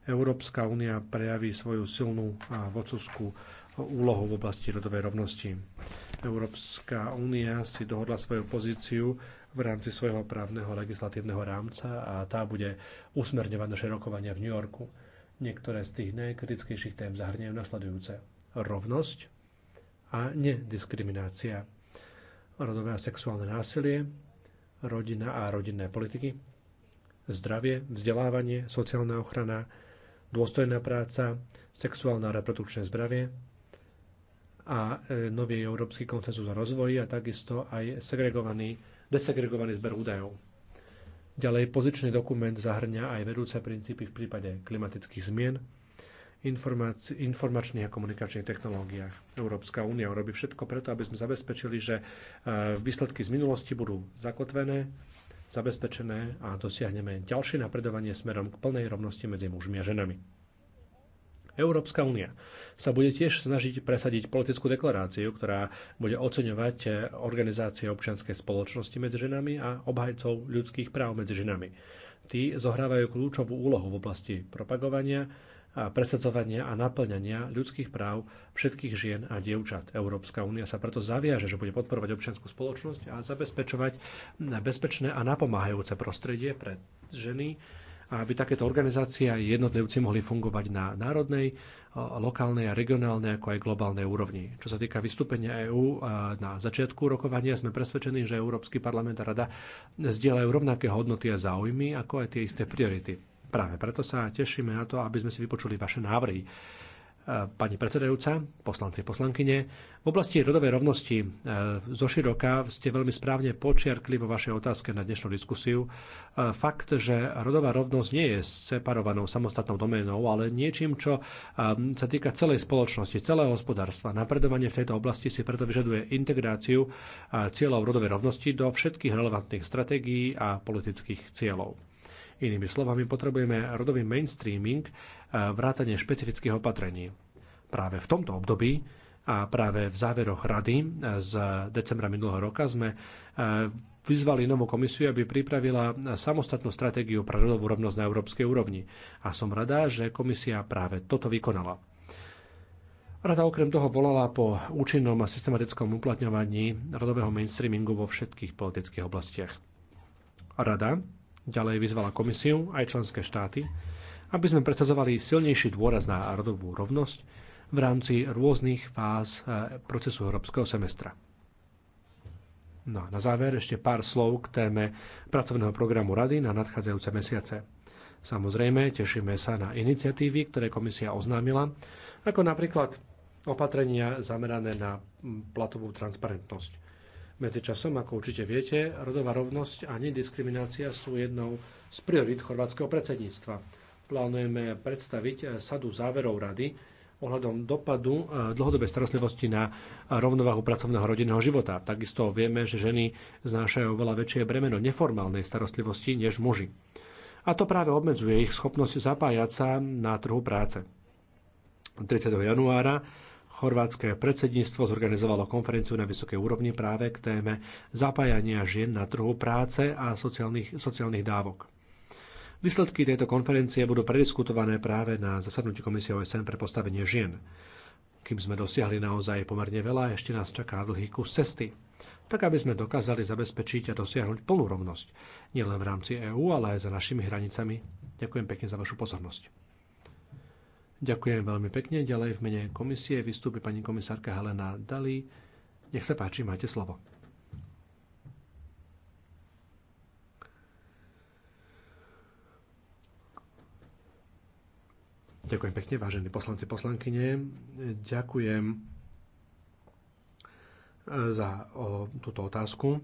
Európska únia prejaví svoju silnú a vocovskú úlohu v oblasti rodovej rovnosti. Európska únia si dohodla svoju pozíciu v rámci svojho právneho legislatívneho rámca a tá bude usmerňovať naše rokovania v New Yorku. Niektoré z tých najkritickejších tém zahrňajú nasledujúce. Rovnosť a nediskriminácia. Rodové a sexuálne násilie, rodina a rodinné politiky, zdravie, vzdelávanie, sociálna ochrana, dôstojná práca, sexuálne a reprodukčné zdravie, a e, nový európsky konsenzus o rozvoji a takisto aj segregovaný, desegregovaný zber údajov. Ďalej pozičný dokument zahrňa aj vedúce princípy v prípade klimatických zmien, informačných a komunikačných technológiách. Európska únia robí všetko preto, aby sme zabezpečili, že e, výsledky z minulosti budú zakotvené, zabezpečené a dosiahneme ďalšie napredovanie smerom k plnej rovnosti medzi mužmi a ženami. Európska únia sa bude tiež snažiť presadiť politickú deklaráciu, ktorá bude oceňovať eh, organizácie občianskej spoločnosti medzi ženami a obhajcov ľudských práv medzi ženami. Tí zohrávajú kľúčovú úlohu v oblasti propagovania, a presadzovania a naplňania ľudských práv všetkých žien a dievčat. Európska únia sa preto zaviaže, že bude podporovať občianskú spoločnosť a zabezpečovať bezpečné a napomáhajúce prostredie pre ženy, aby takéto organizácie aj jednotlivci mohli fungovať na národnej, lokálnej a regionálnej, ako aj globálnej úrovni. Čo sa týka vystúpenia EÚ, na začiatku rokovania sme presvedčení, že Európsky parlament a Rada zdieľajú rovnaké hodnoty a záujmy, ako aj tie isté priority. Práve preto sa tešíme na to, aby sme si vypočuli vaše návrhy pani predsedajúca, poslanci, poslankyne. V oblasti rodovej rovnosti e, zo široka ste veľmi správne počiarkli vo vašej otázke na dnešnú diskusiu e, fakt, že rodová rovnosť nie je separovanou samostatnou doménou, ale niečím, čo e, sa týka celej spoločnosti, celého hospodárstva. Napredovanie v tejto oblasti si preto vyžaduje integráciu cieľov rodovej rovnosti do všetkých relevantných stratégií a politických cieľov. Inými slovami, potrebujeme rodový mainstreaming vrátanie špecifických opatrení. Práve v tomto období a práve v záveroch rady z decembra minulého roka sme e, vyzvali novú komisiu, aby pripravila samostatnú stratégiu pre rodovú rovnosť na európskej úrovni. A som rada, že komisia práve toto vykonala. Rada okrem toho volala po účinnom a systematickom uplatňovaní rodového mainstreamingu vo všetkých politických oblastiach. Rada ďalej vyzvala komisiu aj členské štáty, aby sme predsazovali silnejší dôraz na rodovú rovnosť v rámci rôznych fáz e, procesu európskeho semestra. No a na záver ešte pár slov k téme pracovného programu Rady na nadchádzajúce mesiace. Samozrejme, tešíme sa na iniciatívy, ktoré komisia oznámila, ako napríklad opatrenia zamerané na platovú transparentnosť. Medzičasom, ako určite viete, rodová rovnosť a nediskriminácia sú jednou z priorit chorvátskeho predsedníctva plánujeme predstaviť eh, sadu záverov rady ohľadom dopadu eh, dlhodobej starostlivosti na rovnováhu pracovného rodinného života. Takisto vieme, že ženy znášajú veľa väčšie bremeno neformálnej starostlivosti než muži. A to práve obmedzuje ich schopnosť zapájať sa na trhu práce. 30. januára chorvátske predsedníctvo zorganizovalo konferenciu na vysokej úrovni práve k téme zapájania žien na trhu práce a sociálnych, sociálnych dávok. Výsledky tejto konferencie budú prediskutované práve na zasadnutí Komisie OSN pre postavenie žien. Kým sme dosiahli naozaj pomerne veľa, ešte nás čaká dlhý kus cesty tak aby sme dokázali zabezpečiť a dosiahnuť plnú rovnosť, nielen v rámci EÚ, ale aj za našimi hranicami. Ďakujem pekne za vašu pozornosť. Ďakujem veľmi pekne. Ďalej v mene komisie vystúpi pani komisárka Helena Dali. Nech sa páči, máte slovo. Ďakujem pekne, vážení poslanci, poslankyne. Ďakujem eh, za o, túto otázku,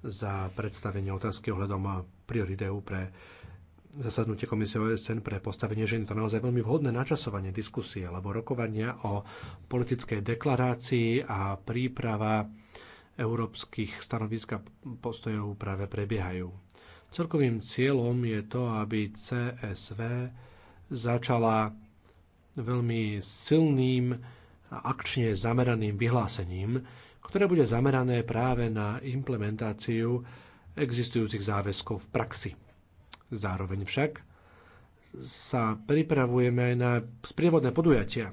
za predstavenie otázky ohľadom priorit EU pre zasadnutie komisie OSN pre postavenie žien. To je naozaj veľmi vhodné načasovanie diskusie alebo rokovania o politickej deklarácii a príprava európskych stanovisk a postojov práve prebiehajú. Celkovým cieľom je to, aby CSV začala veľmi silným a akčne zameraným vyhlásením, ktoré bude zamerané práve na implementáciu existujúcich záväzkov v praxi. Zároveň však sa pripravujeme aj na sprievodné podujatia,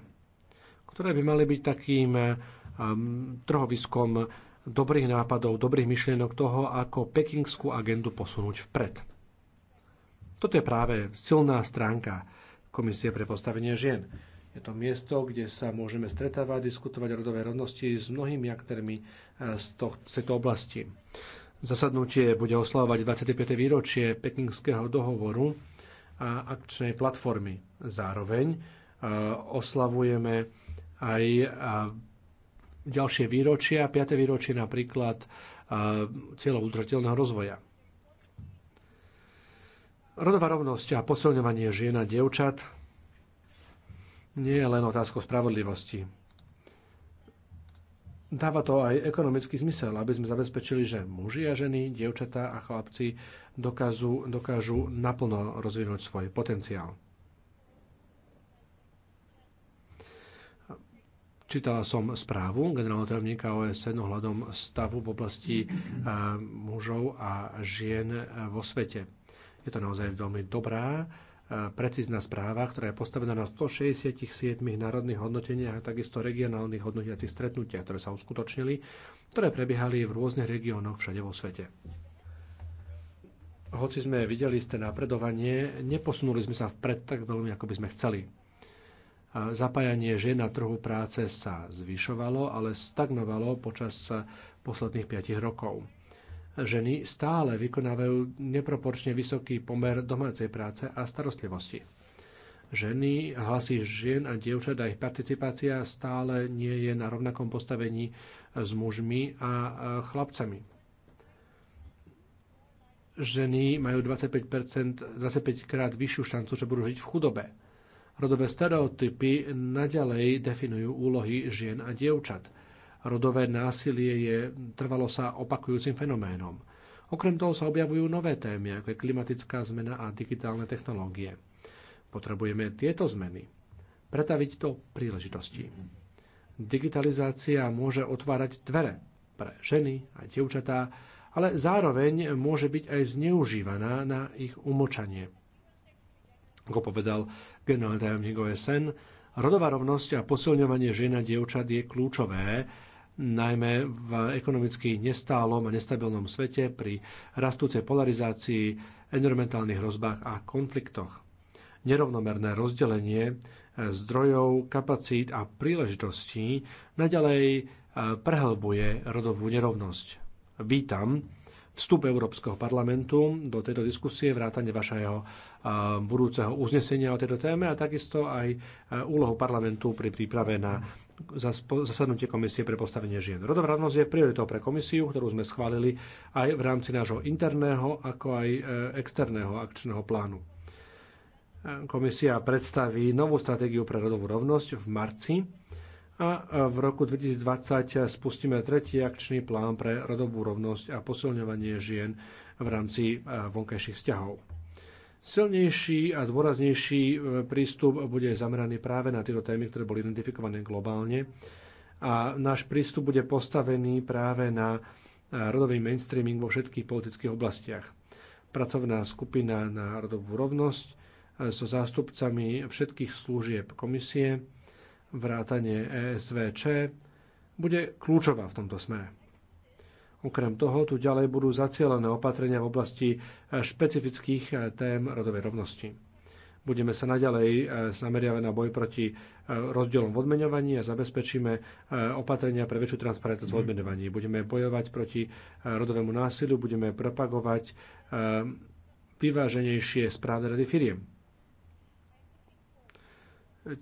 ktoré by mali byť takým um, trhoviskom dobrých nápadov, dobrých myšlienok toho, ako pekingskú agendu posunúť vpred. Toto je práve silná stránka Komisie pre postavenie žien. Je to miesto, kde sa môžeme stretávať, diskutovať o rodovej rovnosti s mnohými aktérmi eh, z, z tejto oblasti. Zasadnutie bude oslavovať 25. výročie Pekingského dohovoru a akčnej platformy. Zároveň eh, oslavujeme aj eh, ďalšie výročia, 5. výročie napríklad cieľov udržateľného rozvoja. Rodová rovnosť a posilňovanie žien a dievčat nie je len otázkou spravodlivosti. Dáva to aj ekonomický zmysel, aby sme zabezpečili, že muži a ženy, dievčatá a chlapci dokážu, dokážu naplno rozvinúť svoj potenciál. Čítala som správu generálneho tajomníka OSN ohľadom stavu v oblasti eh, mužov a žien vo svete je to naozaj veľmi dobrá, e, precízna správa, ktorá je postavená na 167 národných hodnoteniach a takisto regionálnych hodnotiacich stretnutiach, ktoré sa uskutočnili, ktoré prebiehali v rôznych regiónoch všade vo svete. Hoci sme videli ste napredovanie, neposunuli sme sa vpred tak veľmi, ako by sme chceli. E, zapájanie žien na trhu práce sa zvyšovalo, ale stagnovalo počas e, posledných 5 rokov ženy stále vykonávajú neproporčne vysoký pomer domácej práce a starostlivosti. Ženy, hlasy žien a dievčat a ich participácia stále nie je na rovnakom postavení s mužmi a chlapcami. Ženy majú 25, 25 krát vyššiu šancu, že budú žiť v chudobe. Rodové stereotypy naďalej definujú úlohy žien a dievčat – Rodové násilie je trvalo sa opakujúcim fenoménom. Okrem toho sa objavujú nové témy, ako je klimatická zmena a digitálne technológie. Potrebujeme tieto zmeny pretaviť to príležitosti. Digitalizácia môže otvárať dvere pre ženy a dievčatá, ale zároveň môže byť aj zneužívaná na ich umočanie. Ako povedal generálny tajomník OSN, rodová rovnosť a posilňovanie žien a dievčat je kľúčové najmä v ekonomicky nestálom a nestabilnom svete pri rastúcej polarizácii, environmentálnych hrozbách a konfliktoch. Nerovnomerné rozdelenie e, zdrojov, kapacít a príležitostí naďalej e, prehlbuje rodovú nerovnosť. Vítam vstup Európskeho parlamentu do tejto diskusie, vrátane vašeho e, budúceho uznesenia o tejto téme a takisto aj úlohu parlamentu pri príprave na zasadnutie Komisie pre postavenie žien. Rodová rovnosť je prioritou pre komisiu, ktorú sme schválili aj v rámci nášho interného, ako aj e, externého akčného plánu. E, komisia predstaví novú stratégiu pre rodovú rovnosť v marci a v roku 2020 spustíme tretí akčný plán pre rodovú rovnosť a posilňovanie žien v rámci e, vonkajších vzťahov. Silnejší a dôraznejší e, prístup bude zameraný práve na tieto témy, ktoré boli identifikované globálne. A náš prístup bude postavený práve na e, rodový mainstreaming vo všetkých politických oblastiach. Pracovná skupina na rodovú rovnosť e, so zástupcami všetkých služieb komisie, vrátane ESVČ, bude kľúčová v tomto smere. Okrem toho tu ďalej budú zacielené opatrenia v oblasti e, špecifických e, tém rodovej rovnosti. Budeme sa naďalej e, zameriavať na boj proti rozdielom v odmeňovaní a zabezpečíme opatrenia pre väčšiu transparentnosť v mhm. odmeňovaní. Budeme bojovať proti rodovému násiliu, budeme propagovať vyváženejšie správne rady firiem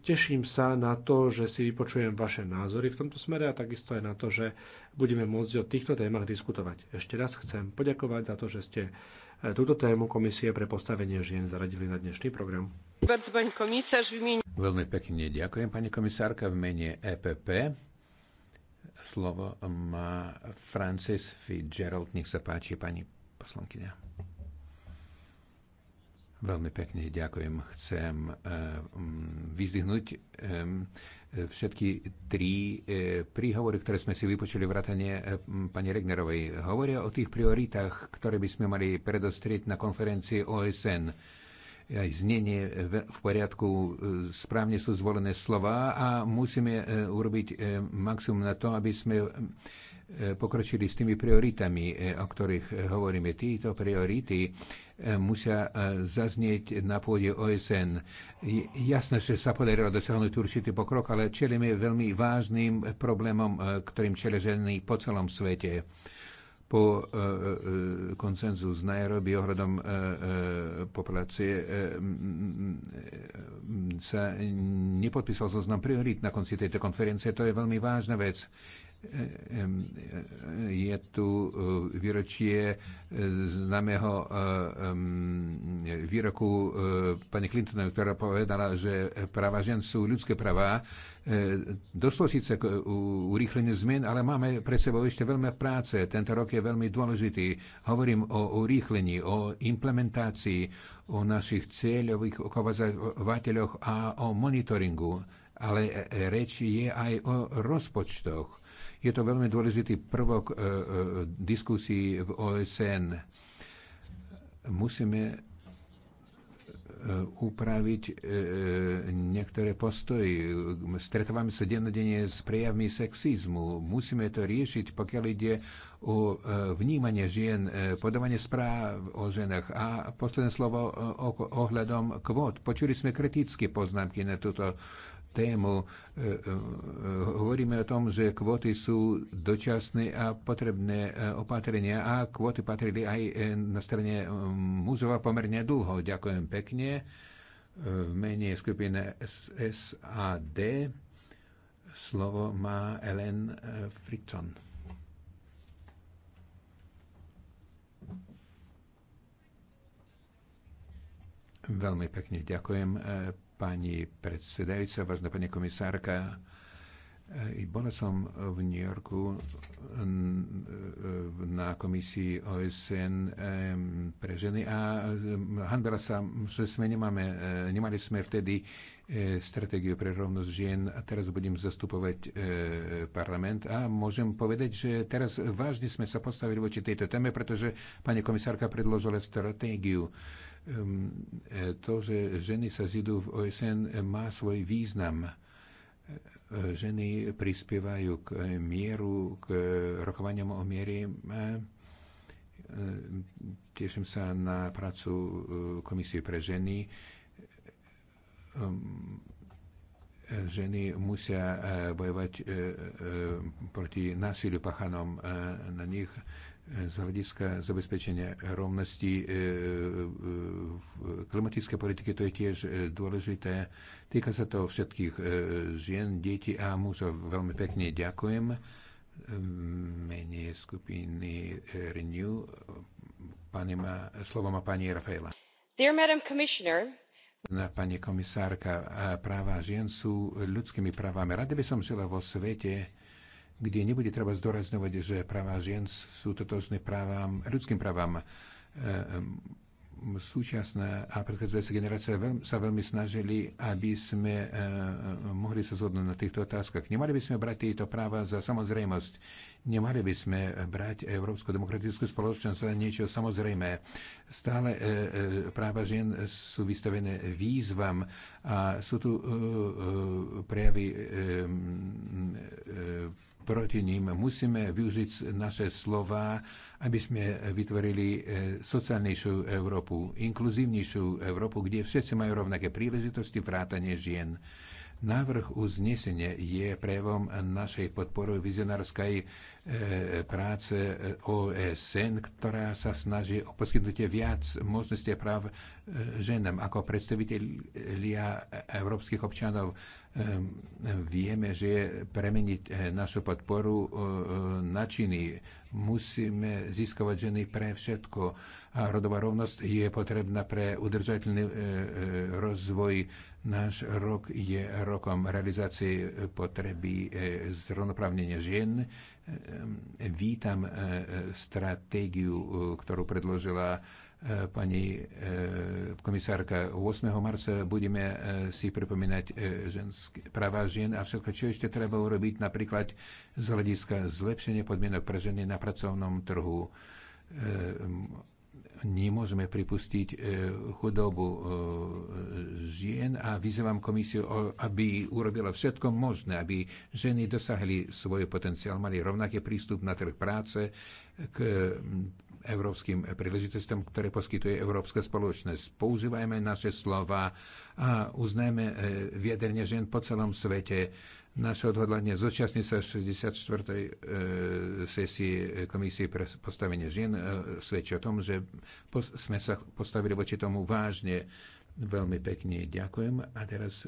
Teším sa na to, že si vypočujem vaše názory v tomto smere a takisto aj na to, že budeme môcť o týchto témach diskutovať. Ešte raz chcem poďakovať za to, že ste e, túto tému Komisie pre postavenie žien zaradili na dnešný program. Veľmi pekne ďakujem, pani komisárka, v mene EPP. Slovo má Francis Fitzgerald. Nech sa páči, pani poslankyňa. Veľmi pekne ďakujem. Chcem eh, mm, vyzdvihnúť eh, eh, všetky tri príhovory, ktoré sme si vypočuli vrátane pani Regnerovej. Hovoria o tých prioritách, ktoré by sme mali predostrieť na konferencii OSN. Aj znenie v poriadku, správne sú zvolené slova a musíme urobiť maximum na to, aby sme E, pokročili s tými prioritami, e, o ktorých e, hovoríme. Títo priority musia zaznieť na pôde OSN. Jasné, že sa podarilo dosiahnuť určitý pokrok, ale čelíme veľmi vážnym problémom, ktorým čelí ženy po celom svete po koncenzu z Nairobi ohľadom populácie sa nepodpísal zoznam priorít na konci tejto konferencie. To je veľmi vážna vec je tu e, výročie e, známeho e, výroku pani Clintona, ktorá povedala, že práva žen sú ľudské práva. Došlo síce k urýchleniu zmien, ale máme pre sebou ešte veľmi práce. Tento rok je veľmi dôležitý. Hovorím o urýchlení, o implementácii, o našich cieľových ukazovateľoch a o monitoringu. Ale reč je aj o rozpočtoch je to veľmi dôležitý prvok e, e, diskusii v OSN. Musíme e, upraviť niektoré postoje. Stretávame sa dennodenne s prejavmi sexizmu. Musíme to riešiť, pokiaľ ide o vnímanie žien, podávanie správ o ženách. A posledné slovo ohľadom kvót. Počuli sme kritické poznámky na túto tému. E, e, hovoríme o tom, že kvóty sú dočasné a potrebné e, opatrenia a kvóty patrili aj na strane mužova pomerne dlho. Ďakujem pekne. V mene skupiny SAD slovo má Ellen Fritson. Veľmi pekne ďakujem pani predsedajúca, vážna pani komisárka. Eh, bola som v New Yorku eh, na komisii OSN eh, pre ženy a hanbala sa, že sme nemáme, nemali sme vtedy stratégiu pre rovnosť žien a teraz budem zastupovať parlament a môžem povedať, že teraz vážne sme sa postavili voči tejto téme, pretože pani komisárka predložila stratégiu E, to, že ženy sa zidú v OSN, e, má svoj význam. E, ženy prispievajú k mieru, k rokovaniam o miery. Teším sa na prácu Komisie pre ženy. Ženy musia bojovať proti násiliu pachanom na nich z hľadiska zabezpečenia rovnosti e, e, klimatické politiky, to je tiež e, dôležité. Týka sa to všetkých žien, detí a mužov. Veľmi pekne ďakujem. Menej skupiny Renew. Pani má, slovo má pani Rafaela. Dear Madam Commissioner, Pani komisárka, práva žien sú ľudskými právami. Rada by som žila vo svete, kde nebude treba zdorazňovať, že práva žien sú totožné právam, ľudským právam. E, súčasná a predchádzajúca generácia sa veľmi snažili, aby sme e, e, mohli sa zhodnúť na týchto otázkach. Nemali by sme brať tieto práva za samozrejmosť. Nemali by sme brať Európsku demokratickú spoločnosť za niečo samozrejme. Stále práva žien sú vystavené výzvam a sú tu prejavy proti ním. Musíme využiť naše slova, aby sme vytvorili e, sociálnejšiu Európu, inkluzívnejšiu Európu, kde všetci majú rovnaké príležitosti, vrátanie žien. Návrh uznesenia je prejavom našej podpory vizionárskej e, práce e, OSN, ktorá sa snaží o poskytnutie viac možností práv e, ženám. Ako predstaviteľia európskych občanov vieme, že premeniť našu podporu na činy. Musíme získavať ženy pre všetko a rodová rovnosť je potrebná pre udržateľný e, e, rozvoj. Náš rok je rokom realizácie potreby e, zrovnoprávnenia žien. Vítam stratégiu, ktorú predložila pani komisárka, 8. marca budeme si pripomínať ženské, práva žien a všetko, čo ešte treba urobiť, napríklad z hľadiska zlepšenia podmienok pre ženy na pracovnom trhu nemôžeme pripustiť e, chudobu e, žien a vyzývam komisiu, aby urobila všetko možné, aby ženy dosahli svoj potenciál, mali rovnaký prístup na trh práce k európskym príležitostiam, ktoré poskytuje Európska spoločnosť. Používajme naše slova a uznajme e, viedrenie žien po celom svete naše odhodlanie zúčastniť sa 64. E, sesii Komisie pre postavenie žien e, svedčí o tom, že sme sa postavili voči tomu vážne. Veľmi pekne ďakujem. A teraz e,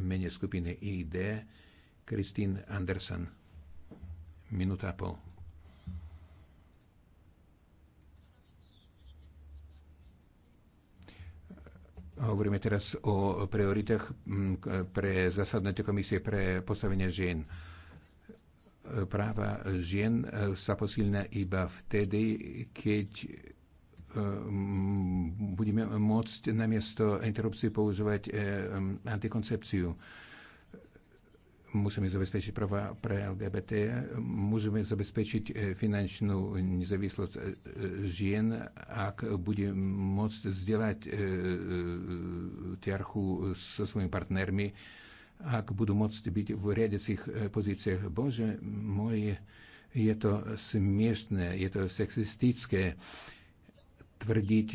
v mene skupiny ID Kristín Andersen. Minúta a pol. Hovoríme teraz o prioritách mm, pre zasadnutie komisie pre postavenie žien. Práva žien e, sa posilňa iba vtedy, keď e, budeme môcť namiesto interrupcií používať e, antikoncepciu musíme zabezpečiť práva pre LGBT, musíme zabezpečiť e, finančnú nezávislosť e, e, žien, ak bude môcť vzdelať tiarchu so svojimi partnermi, ak budú môcť byť v riadecích pozíciách. Bože môj, je to smiešné, je to sexistické tvrdiť,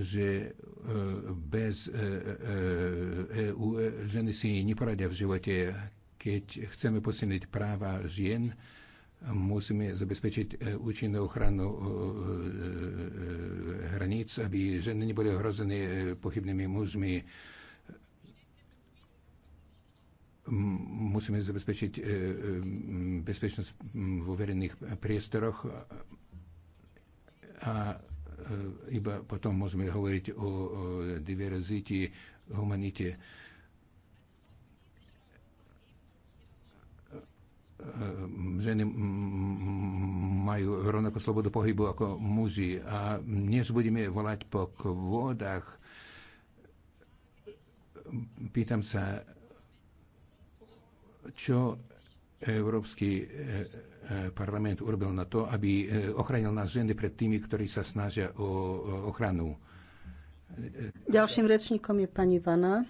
že bez EU ženy si neporadia v živote. Keď chceme posilniť práva žien, musíme zabezpečiť e, účinnú ochranu e, e, hraníc, aby ženy neboli ohrozené pochybnými mužmi. Musíme zabezpečiť bezpečnosť vo verejných priestoroch a iba potom môžeme hovoriť o diverzite, humanite E, ženy majú rovnakú slobodu pohybu ako muži. A než budeme volať po kvódach, pýtam sa, čo Európsky e, e, parlament urobil na to, aby ochránil nás ženy pred tými, ktorí sa snažia o ochranu. Ďalším rečníkom je pani Vana.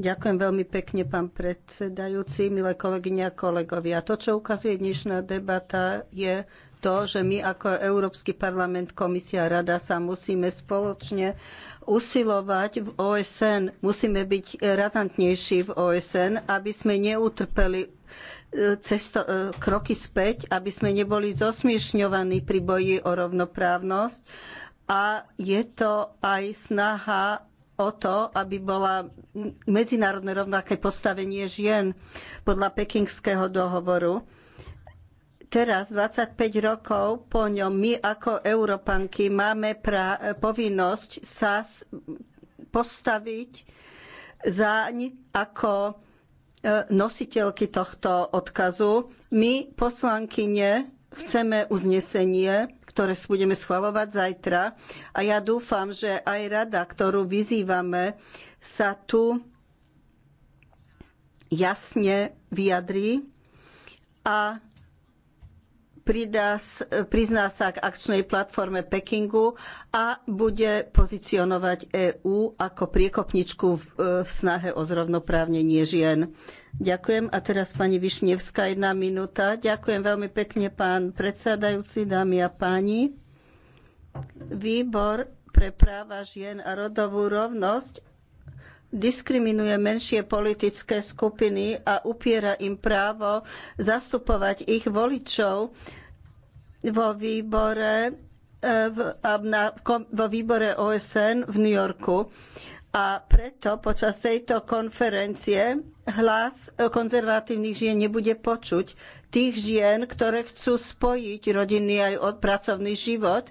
Ďakujem veľmi pekne, pán predsedajúci, milé kolegyne a kolegovia. To, čo ukazuje dnešná debata, je to, že my ako Európsky parlament, komisia, rada sa musíme spoločne usilovať v OSN. Musíme byť razantnejší v OSN, aby sme neutrpeli e, cesto, e, kroky späť, aby sme neboli zosmiešňovaní pri boji o rovnoprávnosť. A je to aj snaha o to, aby bola medzinárodné rovnaké postavenie žien podľa Pekingského dohovoru teraz, 25 rokov po ňom, my ako Európanky máme pra, povinnosť sa postaviť zaň ako e, nositeľky tohto odkazu. My, poslankyne, chceme uznesenie, ktoré budeme schvalovať zajtra. A ja dúfam, že aj rada, ktorú vyzývame, sa tu jasne vyjadrí a pridá, prizná sa k akčnej platforme Pekingu a bude pozicionovať EÚ ako priekopničku v, e, v snahe o zrovnoprávnenie žien. Ďakujem. A teraz pani Višnevská, jedna minúta. Ďakujem veľmi pekne, pán predsedajúci, dámy a páni. Výbor pre práva žien a rodovú rovnosť diskriminuje menšie politické skupiny a upiera im právo zastupovať ich voličov vo výbore, e, v, na, vo výbore OSN v New Yorku. A preto počas tejto konferencie hlas konzervatívnych žien nebude počuť. Tých žien, ktoré chcú spojiť rodinný aj od pracovný život,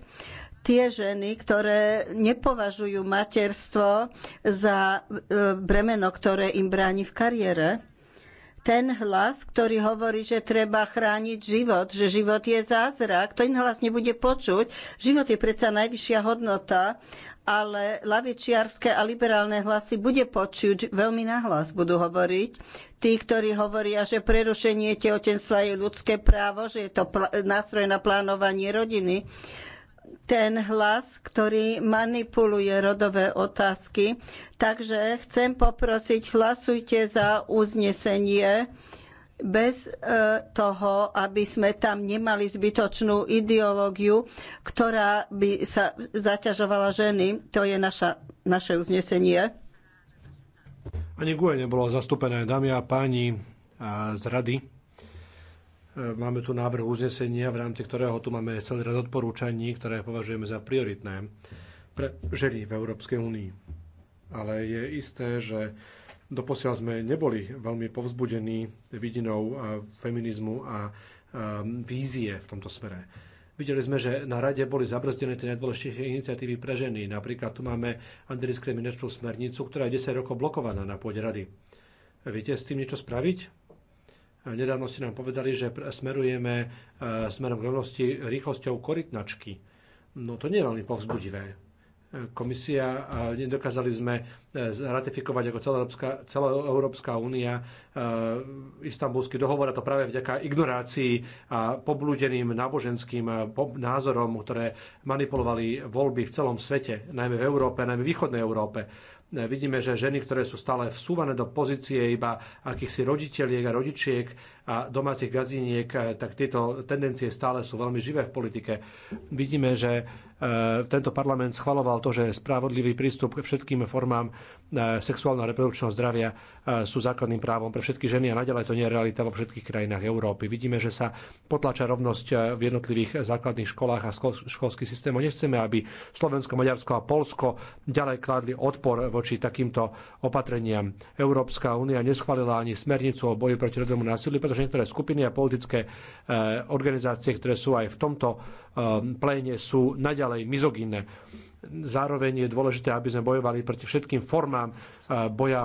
tie ženy, ktoré nepovažujú materstvo za e, bremeno, ktoré im bráni v kariére ten hlas, ktorý hovorí, že treba chrániť život, že život je zázrak, ten hlas nebude počuť. Život je predsa najvyššia hodnota, ale ľavičiarske a liberálne hlasy bude počuť, veľmi nahlas budú hovoriť. Tí, ktorí hovoria, že prerušenie tehotenstva je ľudské právo, že je to nástroj na plánovanie rodiny ten hlas, ktorý manipuluje rodové otázky. Takže chcem poprosiť, hlasujte za uznesenie bez e, toho, aby sme tam nemali zbytočnú ideológiu, ktorá by sa zaťažovala ženy. To je naša, naše uznesenie. Ani GUE bolo zastúpené, dámy a páni z rady. Máme tu návrh uznesenia, v rámci ktorého tu máme celý rad odporúčaní, ktoré považujeme za prioritné pre ženy v Európskej únii. Ale je isté, že doposiaľ sme neboli veľmi povzbudení vidinou feminizmu a vízie v tomto smere. Videli sme, že na rade boli zabrzdené tie najdôležitejšie iniciatívy pre ženy. Napríklad tu máme antidiskriminačnú smernicu, ktorá je 10 rokov blokovaná na pôde rady. Viete s tým niečo spraviť? Nedávno ste nám povedali, že smerujeme e, smerom k rovnosti rýchlosťou korytnačky. No to nie je veľmi povzbudivé. E, komisia, e, nedokázali sme ratifikovať ako celá Európska, celá Európska únia istambulský dohovor a to práve vďaka ignorácii a poblúdeným náboženským názorom, ktoré manipulovali voľby v celom svete, najmä v Európe, najmä v východnej Európe vidíme, že ženy, ktoré sú stále vsúvané do pozície iba akýchsi roditeľiek a rodičiek a domácich gazíniek, tak tieto tendencie stále sú veľmi živé v politike. Vidíme, že E, tento parlament schvaloval to, že spravodlivý prístup k všetkým formám e, sexuálneho reprodukčného zdravia e, sú základným právom pre všetky ženy a naďalej to nie je realita vo všetkých krajinách Európy. Vidíme, že sa potlača rovnosť v jednotlivých základných školách a školských systémoch. Nechceme, aby Slovensko, Maďarsko a Polsko ďalej kladli odpor voči takýmto opatreniam. Európska únia neschválila ani smernicu o boji proti rodovému násiliu, pretože niektoré skupiny a politické organizácie, ktoré sú aj v tomto Ehm, pléne sú naďalej mizogínne. Zároveň je dôležité, aby sme bojovali proti všetkým formám ehm, boja